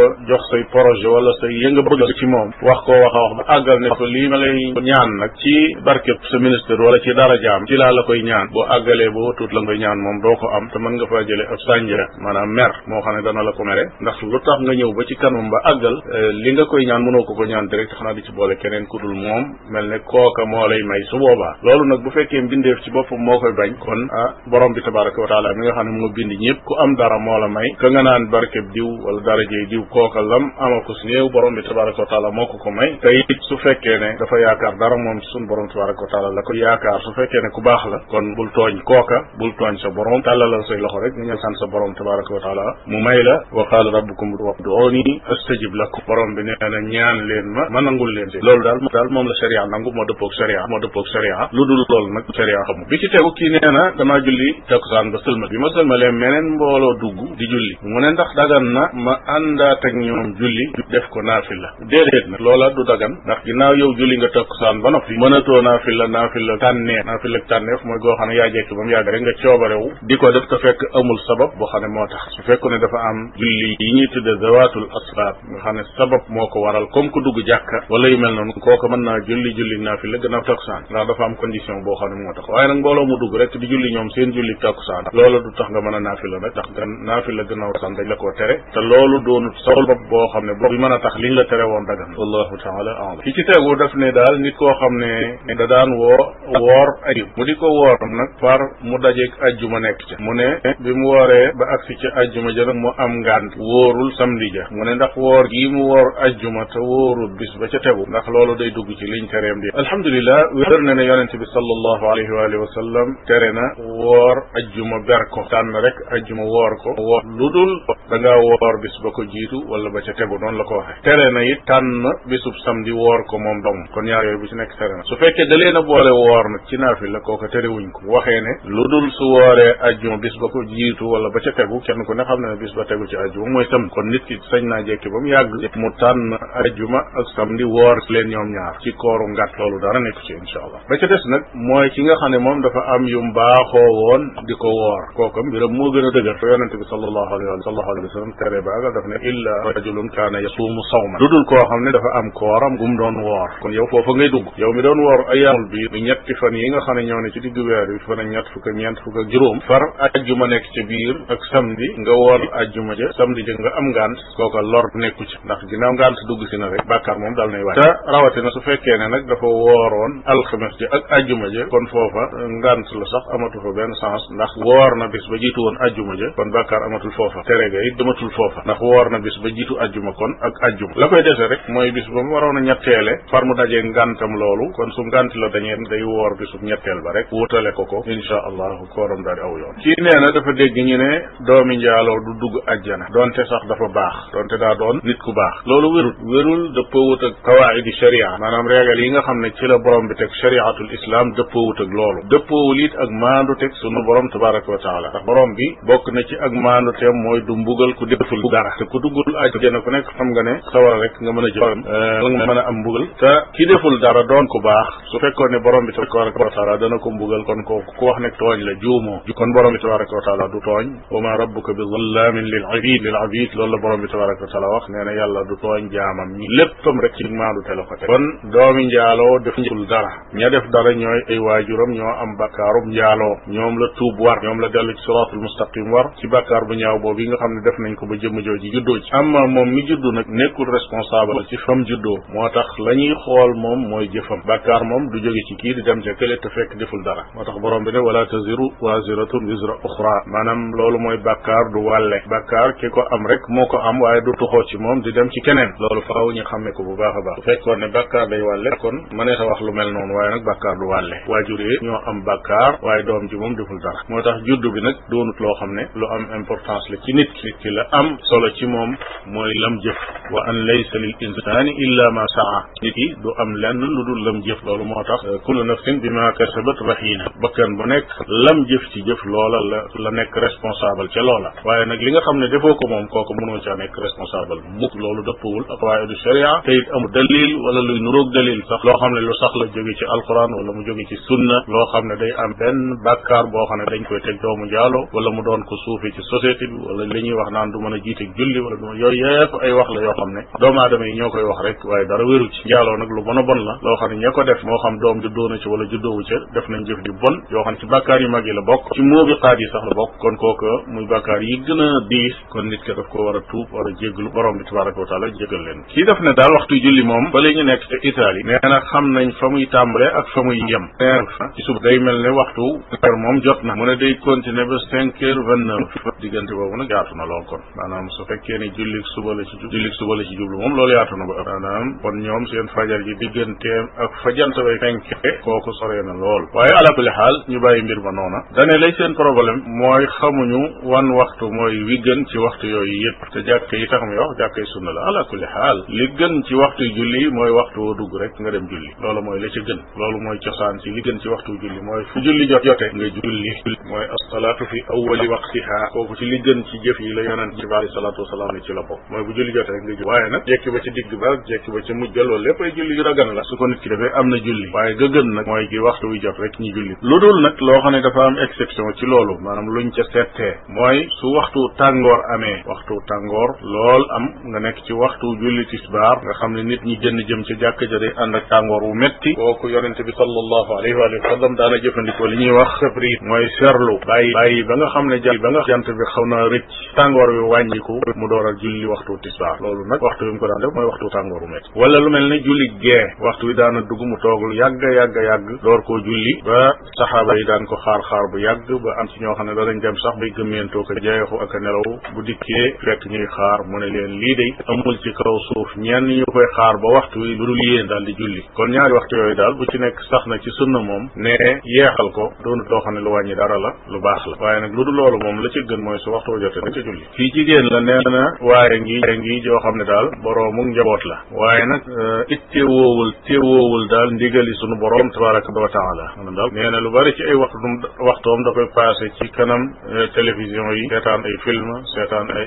koo jox say projet wala say yënga bëgg ci moom wax koo wax a wax ba àggal ne ko lii ma lay ñaan nag ci barkeb sa ministre wala ci dara ci laa la koy ñaan boo àggalee boo tuut la ngay ñaan moom doo ko am te mën nga faa jële ab sànja maanaam mer moo xam ne dana la ko mere ndax lu tax nga ñëw ba ci kanam ba àggal euh, li nga koy ñaan mënoo ko ko ñaan direct xanaa di ci boole keneen ku dul moom mel ne kooka moo lay may su boobaa loolu nag bu fekkee kooka lam amal ko si néew borom bi tabaraka wa taala moo ko ko may te it su fekkee ne dafa yaakaar dara moom ci suñu borom tabaraka la ko yaakaar su fekkee ne ku baax la kon bul tooñ kooka bul tooñ sa borom tàllalal say loxo rek nga sant sa borom tabaraka wa taala mu may la wa qaala rabbukum ud'uuni astajib lakum borom bi nee na ñaan leen ma ma nangul leen loolu daal moom la sharia nangu moo dëppoog sharia moo dëppoog lu dul loolu nag sharia bi ci tegu ma sëlmalee meneen mbooloo dugg di julli mu teg ñoom julli def ko naafila déedéet nag loola du dagan ndax ginnaaw yow julli nga takkusaan ba noppi mënatoo naafila naafila tànneef naafila tànneef mooy yaa jekki ba mu yàgg rek nga coobarewu di ko def moo tax su fekku ne dafa am ku dugg jàkka wala yu mel noonu kooku mën naa julli julli naafila gannaaw takkusaan ndax dafa am condition boo xam ne moo tax waaye nag mbooloo mu dugg rek di julli ñoom seen julli takkusaan loola du tax nga mën a naafila nag ndax naafila gannaaw takkusaan dañ la koo tere te loolu doonut tool bopp boo xam ne bopp bi mën a tax liñ tere woon dagan wallahu taala alam ki koo xam ne da daan woo woor ayib mu di ko woor nag par mu dajeeg ajjuma nekk ca mu ne bi mu wooree ba agsi ca ajjuma ja nag mu am ngànt wóorul samedi ja mu ne ndax woor gii mu woor ajjuma te wóorul bis ba ca tegu ndax loolu day dugg ci liñ tereem di alhamdulilah wér na ne yonente bi sallallahu alayhi wa alihi wa sallam tere na woor ajjuma ber ko tànn rek ajjuma woor ko woor lu dul da ko jiitu wala ba ca tegu noonu la ko waxee tere na it tànn bisub samedi woor ko moom dong kon ñaar yooyu bu ci nekk tere na su fekkee da leen a boole woor nag ci naafi la kooka terewuñ ko waxee ne lu dul su wooree ajjuma bis ba ko jiitu wala ba ca tegu kenn ku ne xam na ne bis ba tegu ci ajjuma mooy sam kon nit ki sañ naa jekki ba mu yàgg mu tànn ajjuma ak samedi woor leen ñoom ñaar ci kooru ngat loolu dara nekku ci insha ba ca des nag mooy ki nga xam ne moom dafa am yum baaxoo woon di ko woor kooka mbiram moo gën a dëgër yonente bi sallallahu alayhi wa illa rajulun kaana yasuumu sawman lu dul koo xam ne dafa am kooram gum doon woor kon yow foofa ngay dugg yow mi doon woor ayaamul bi bi ñetti fan yi nga xam ne ñoo ne ci digg weer bi fan ak ñett fukk ak ñeent fukk ak juróom far ajjuma nekk ca biir ak samedi nga woor ajjuma ja samedi ja nga am ngant kooka lor nekku ci ndax ginnaaw ngant dugg si na rek bàkkaar moom dal nay wàcc te rawatina su fekkee ne nag dafa wooroon alxames ja ak ajjuma ja kon foofa ngant la sax amatu fa benn sens ndax woor na bis ba jiitu woon ajjuma ja kon bàkkaar amatul foofa tere bis ba jiitu ajjuma kon ak ajjuma la koy dese rek mooy bis ba mu waroon a ñetteele far mu dajee ngantam loolu kon su nganti la dañeen day woor bisub ñetteel ba rek wutale ko ko insha allahu kooram daal di aw yoon kii nee na dafa dégg ñu ne doomi njaaloo du dugg ajjana donte sax dafa baax donte daa doon nit ku baax loolu wérul wérul dëppoowut ak qawaidi sharia maanaam régal yi nga xam ne ci la borom bi teg shariatul islam dëppoowut ak loolu dëppoowul it ak maandu teg sunu borom tabaraka wa taala ndax borom bi bokk na ci ak maandu teem mooy du mbugal ku deful dara te duggul àjjana ku nekk xam nga ne sawara rek nga a jëm euh, nga mën a am mbugal te ki deful dara doon ko baax su fekkoon ne borom bi tabaraka wa taala dana ko mbugal kon ko ku wax ne tooñ la juumoo kon borom bi tabaraka la borom bi tabaraka wa taala wax nee na yàlla du tooñ jaamam ñi léppam rek ci maadu te la ko teg kon doomi njaaloo deful dara ña def dara ñooy ay waajuram ñoo am bàkkaarub njaaloo ñoom la tuub war ñoom la dellu ci siraatul war ci bàkkaar bu ñaaw boobu yi nga xam ne def nañ ko ba jëmm jooji juddoo ci amma moom mi juddu nag nekkul responsable ci fam juddoo moo tax la ñuy xool moom mooy jëfam bàkkaar moom du jóge ci kii di dem ca kële te fekk deful dara moo tax borom bi ne wala taziru waziratun wizra uxra maanaam loolu mooy bàkkaar du wàlle bàkkaar ki ko am rek moo ko am waaye du tuxoo ci moom di dem ci keneen loolu faaw ñu xàmme ko bu baax a baax bu fekkoon ne bàkkaar day wàlle kon mënees a wax lu mel noonu waaye nag bàkkaar du wàlle waajur yi ñoo am bàkkaar waaye doom ji moom deful dara moo tax juddu bi nag doonut loo xam ne lu am importance la ci nit nit ki la am solo ci moom mooy lam jëf wa an laysa lil insani illa ma saa nit du am lenn lu dul lam jëf loolu moo tax euh, kullu nafsin bima kasabat rahina bakkan bu nekk lam jëf ci jëf loola la la nekk responsable ca loola waaye nag li nga xam ne defoo ko moom kooku mënoo caa nekk responsable mukk loolu dëppawul aqwaidu sharia te it amul dalil wala luy nuróog dalil sax loo xam ne lu sax la jóge ci alquran wala mu jóge ci sunna loo xam ne day am benn bàkkaar boo xam ne dañ koy teg doomu njaalo wala mu doon ko suufe ci société bi ñuy wax naan du mën a jiite julli wala aadama yooyu ay wax la yoo xam ne doomu aadama yi ñoo koy wax rek waaye dara wéru ci njaaloo nag lu bon a bon la loo xam ne ña ko def moo xam doom juddoo na ci wala juddoowu ca def nañ jëf di bon yoo xam ne ci bàkkaar yu mag yi la bokk ci muubiqaat yi sax la bokk kon kooka muy bàkkaar yi gën a diis kon nit ka daf ko war a tuub war lu jéggalu borom bi tabaraka wa taala jéggal leen kii daf ne daal waxtu julli moom ba li ñu nekk te Italie nee xam nañ fa muy tàmbale ak fa muy yem day mel ne waxtu weer moom jot na mu ne day continuer ba cinq heures vingt neuf diggante boobu na lool kon maanaam su jullik suba la ci jullik suba la ci jublu moom loolu yaatu na ba maanaam kon ñoom seen fajar ji digganteem ak fa jant bay fenke kooku soree na lool waaye ala kulli xaal ñu bàyyi mbir ma noona dane lay seen problème mooy xamuñu wan waxtu mooy wi gën ci waxtu yooyu yëpp te jàkk yi tax muy wax jàkk yi sunna la ala kulli xaal li gën ci waxtu julli mooy waxtu woo dugg rek nga dem julli loolu mooy la ca gën loolu mooy cosaan si li gën ci waxtu julli mooy fu julli jot jote nga julli mooy ci la bokk mooy bu julli jotee rek nga julli waaye nag jekki ba ci digg ba jekki ba ci mujj ba loolu lépp ay julli yu la su ko nit ki defee am na julli waaye gëgën nag mooy gi waxtu wi jot rek ñu julli lu dul nag loo xam ne dafa am exception ci loolu maanaam luñ ca settee mooy su waxtu tàngoor amee waxtu tàngoor lool am nga nekk ci waxtu julli tisbaar nga xam ne nit ñi génn jëm ca jàkk ja day ànd ak tàngoor wu metti kooku yonente bi sallallahu alayhi wa sallam daana jëfandikoo li ba nga xam ne ja ba nga bi xaw na rëcc tàngoor a julli waxtu tisbaar loolu nag waxtu bi mu ko daan def mooy waxtu tàngooru métti wala lu mel ne julli gee waxtu wi daana dugg mu toog lu yàgg yàgg yàgg door koo julli ba saxaaba yi daan ko xaar-xaar bu yàgg ba am ci ñoo xam ne danañ dem sax bay gëmmeentoo ko jeexu ak a nelaw bu dikkee fekk ñuy xaar mu ne leen lii day amul ci kaw suuf ñenn ñu koy xaar ba waxtu wi lu dul yéen daal di julli kon ñaari waxtu yooyu daal bu ci nekk sax na ci sunna moom ne yeexal ko doonu loo xam ne lu wàññi dara la lu baax la waaye nag lu dul loolu moom la ci gën mooy su waxtu jotee na ca julli fii jigéen la nee waaye ngi ngi joo xam ne daal boroomu njaboot la waaye nag euh, it téewoowul téewoowul daal ndigali sunu boroom tabaraka wa taala maanaam daal nee na lu bari ci ay waxtoom da koy passé ci kanam euh, télévision yi seetaan ay film seetaan ay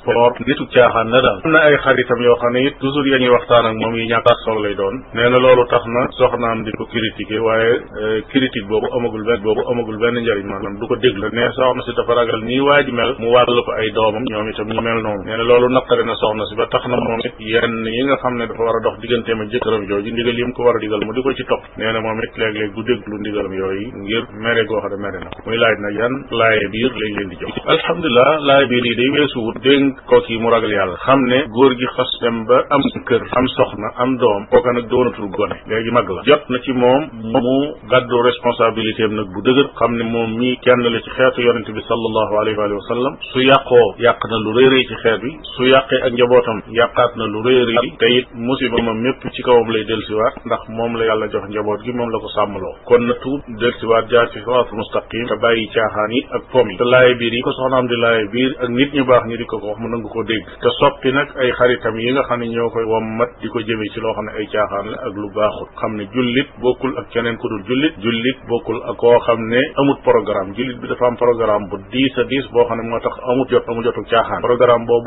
sport u caaxaan la daal am na ay xaritam yoo xam ne it toujours ya ñuy waxtaan ak moom yi ñàkkaat solo lay doon nee na loolu tax na soxnaam di ko critiquer waaye euh, critique boobu amagul benn boobu amagul benn njariñ maanaam du ko déglu ne si dafa ragal waa mel mu wàll ko ay doomam ñoom itam ñu mel noonu nee loolu naqari na soxna si ba tax na moom it yenn yi nga xam ne dafa war a dox digganteem ak jëkkëram jooju ndigal yi mu ko war a digal mu di ko ci topp nee na moom it léeg-léeg du déglu ndigalam yooyu ngir mere goo xam mere na muy laaj na yan laaye biir lañ leen di jox alhamdulilah laaye biir yi day weesuwut dénk ko kii mu ragal yàlla xam ne góor gi xas dem ba am kër am soxna am doom kooka nag doonatul gone léegi mag la jot na ci moom mu gàddu responsabilité am nag bu dëgër xam ne moom mii kenn la ci xeetu yonente bi sallallahu alayhi wa sallam su yàqoo yàq na lu bi su yàqee ak njabootam yàqaat na lu réer yi te it musiba ma mépp ci kawam lay delsiwaat ndax moom la yàlla jox njaboot gi moom la ko sàmmaloo kon na tuub delsiwaat jaar ci siraatul mustaqim te bàyyi caaxaan yi ak pom yi te laaye biir yi ko soxnaam di laaye biir ak nit ñu baax ñi ko ko wax mu nangu ko dégg te soppi nag ay xaritam yi nga xam ne ñoo koy wommat di ko jëme ci loo xam ne ay caaxaan la ak lu baaxut xam ne jullit bokkul ak keneen ku dul jullit jullit bokkul ak koo xam ne amut programme jullit dafa am programme bu diis a diis boo xam ne moo tax amut jot amut jotu caaxaan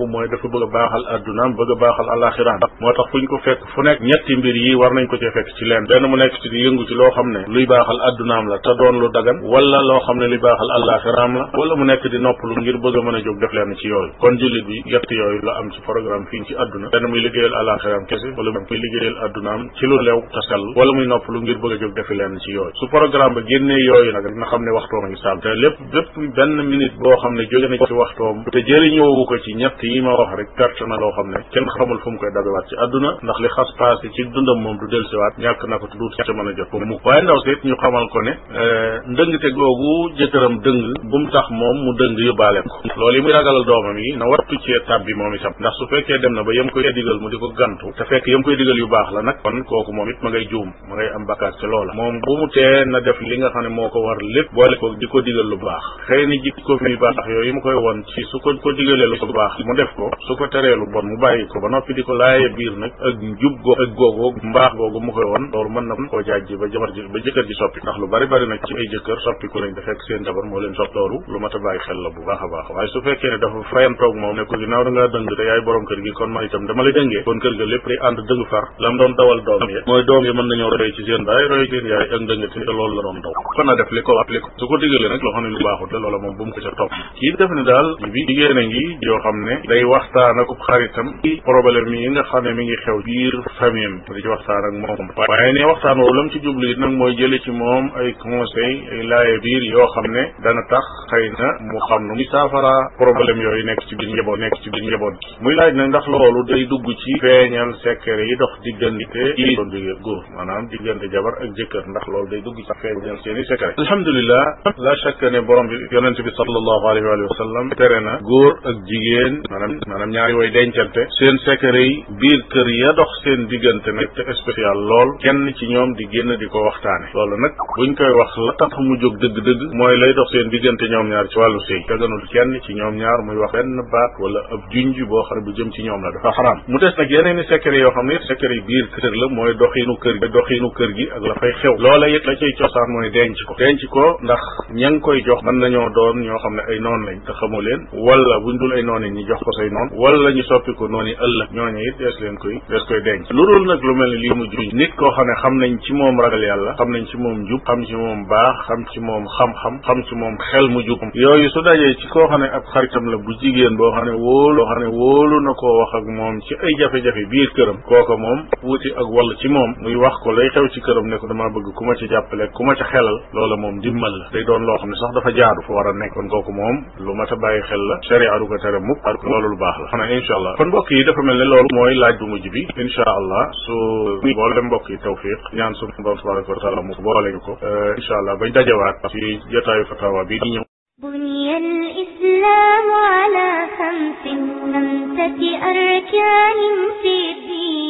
mooy dafa bëgg a baaxal addunaam bëgg a baaxal alaxiraam moo tax fu ñu ko fekk fu nekk ñetti mbir yi war nañ ko ci fekk ci leen benn mu nekk ci di yëngu ci loo xam ne luy baaxal addunaam la te doon lu dagan wala loo xam ne luy baaxal alaxiraam la wala mu nekk di noppalu ngir bëgg a mën a jóg def leen ci yooyu kon jullit bi yett yooyu la am ci programme fii ci adduna benn muy liggéeyal alaxiraam kese wala muy liggéeyal addunaam ci lu lew te ngir bëgg a jóg defi leen ci yooyu su programme ba génnee yooyu nag na xam ne waxtoom ngi sàmm te lépp bépp benn minute boo xam ne jóge na ci waxtoom te ko ci ñett yi ma wax rek perte na loo xam ne kenn xamul fu mu koy dabewaat ci àdduna ndax li xas passé ci dundam moom du dellusiwaat ñàkk na ko te duut ca a jot ko euh, bu mu mu dëng yóbbaale digal yu baax la nag kon kooku moom it ma ngay juum ma ngay am bakkaar ci loola moom bu mu tee na def li nga xam ne moo ko war lépp boole ko di ko digal lu baax xëy ni jikko fi baax yooyu mu koy won ci su ko ko digalee lu baax mu def def ko su ko teree lu bon mu bàyyi ko ba noppi di ko laaye biir nag ak njub googu mbaax googu mu koy woon loolu mën na koo jaaj ji ba jëkkër ji soppi ndax lu bari bari nag ci ay jëkkër soppiku nañ da a bàyyi xel la bu baax a baax waaye su fekkee ne dafa fayantoog moom yaay borom kër gi kon ma itam dama la dëngee kon kër ga lépp day ànd dëng far lam doon dawal doom yi mooy doom yi mën nañoo roy ci seen baay roy seen yaay ak dëngate te loolu la doon daw kon na def li ko su ko digalee nag loo xam ne lu baaxut la loola moom day waxtaan ak xaritam ci problème yi nga xam ne mi ngi xew biir famille am di ci waxtaan ak moom waaye ne waxtaan woowu lam ci jublu it nag mooy jële ci moom ay conseil ay laaye biir yoo xam ne dana tax xëy na mu xam nu muy saafara problème yooyu nekk ci biir njaboot nekk ci biir njaboot muy laaj nag ndax loolu day dugg ci feeñal secret yi dox diggante yi doon jógee góor maanaam diggante jabar ak jëkkër ndax loolu day dugg ci feeñal seeni secret alhamdulilah la shakka ne borom bi yonente bi sallallahu alayhi wa sallam na góor maanaam maanaam ñaar yooyu dencante seen secret yi biir kër ya dox seen diggante nag te spécial lool kenn ci ñoom di génn di ko waxtaane loolu nag buñ koy wax la tax mu jóg dëgg-dëgg mooy lay dox seen diggante ñoom ñaar ci wàllu sëy daganul kenn ci ñoom ñaar muy wax benn baat wala ab junj boo xam ne bu jëm ci ñoom la dafa xaraam mu des nag yeneen i yoo xam ne secret yi biir kër la mooy doxinu kër gi doxinu kër gi ak la fay xew loola it la cay cosaan mooy ko denc ña ngi koy jox mën nañoo doon ñoo xam ne ay noon lañ te say noonu wala ñu soppi ko yi ëllëg ñooñu it dees leen koy dees koy denc lu dul nag lu mel ni lii mu juñ nit koo xam ne xam nañ ci moom ragal yàlla xam nañ ci moom jub xam ci moom baax xam ci moom xam-xam xam ci moom xel mu jub yooyu su dajee ci koo xam ne ak xaritam la bu jigéen boo xam ne wóolu boo xam ne wóolu na koo wax ak moom ci ay jafe-jafe biir këram kooka moom wuti ak wàll ci moom muy wax ko lay xew ci këram ne ko damaa bëgg ku ma ci jàppale ku ma ci xelal loola moom dimmal la day doon loo xam ne sax dafa jaadu fa war a nekk kooku moom lu mat a xel la sharia du loolu lu baax la xanaa incha allah kon mbokk yi dafa mel ne loolu mooy laaj bu mujj bi incha allah su boole mbokk yi tawfiq ñaan su borom tabaraka wa taala mu boole ñu ko euh, incha allah bañ dajewaat ci jotaayu fatawa bi di ñëw بني الإسلام على خمس خمسة أركان في الدين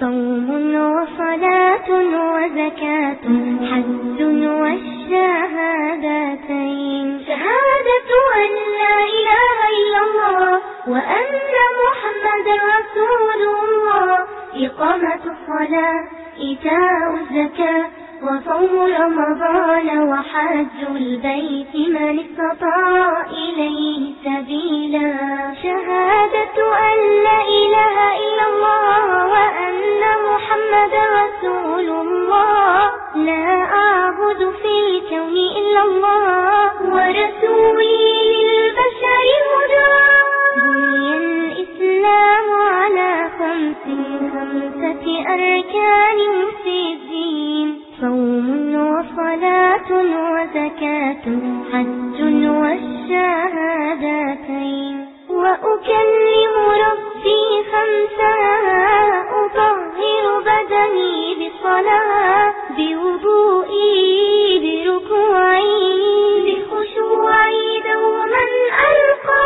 صوم وصلاة وزكاة حج والشهادتين شهادة أن لا إله إلا الله وأن محمد رسول الله إقامة الصلاة إيتاء الزكاة وصوم رمضان وحج البيت من استطاع إليه سبيلا شهادة أن لا إله إلا الله وأن محمد رسول الله لا أعبد في الكون إلا الله ورسولي للبشر هدى بني الله على خمس خمسة أركان في الدين صوم وصلاة وزكاة حج والشهادتين وأكلم ربي خمسا أطهر بدني بصلاة بوضوئي بركوعي بخشوعي دوما ألقى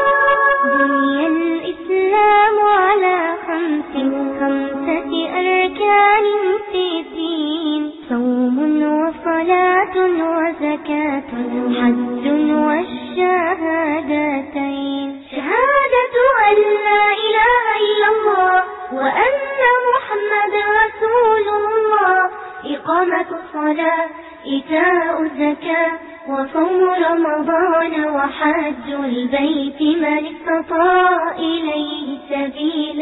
بني الإسلام على خمس خمسة أركان ستين صوم وصلاة وزكاة حج والشهادتين شهادة شهادة أن لا إله إلا الله وأن محمد رسول الله إقامة الصلاة إيتاء الزكاة وصوم رمضان وحج البيت من استطاع إليه سبيلا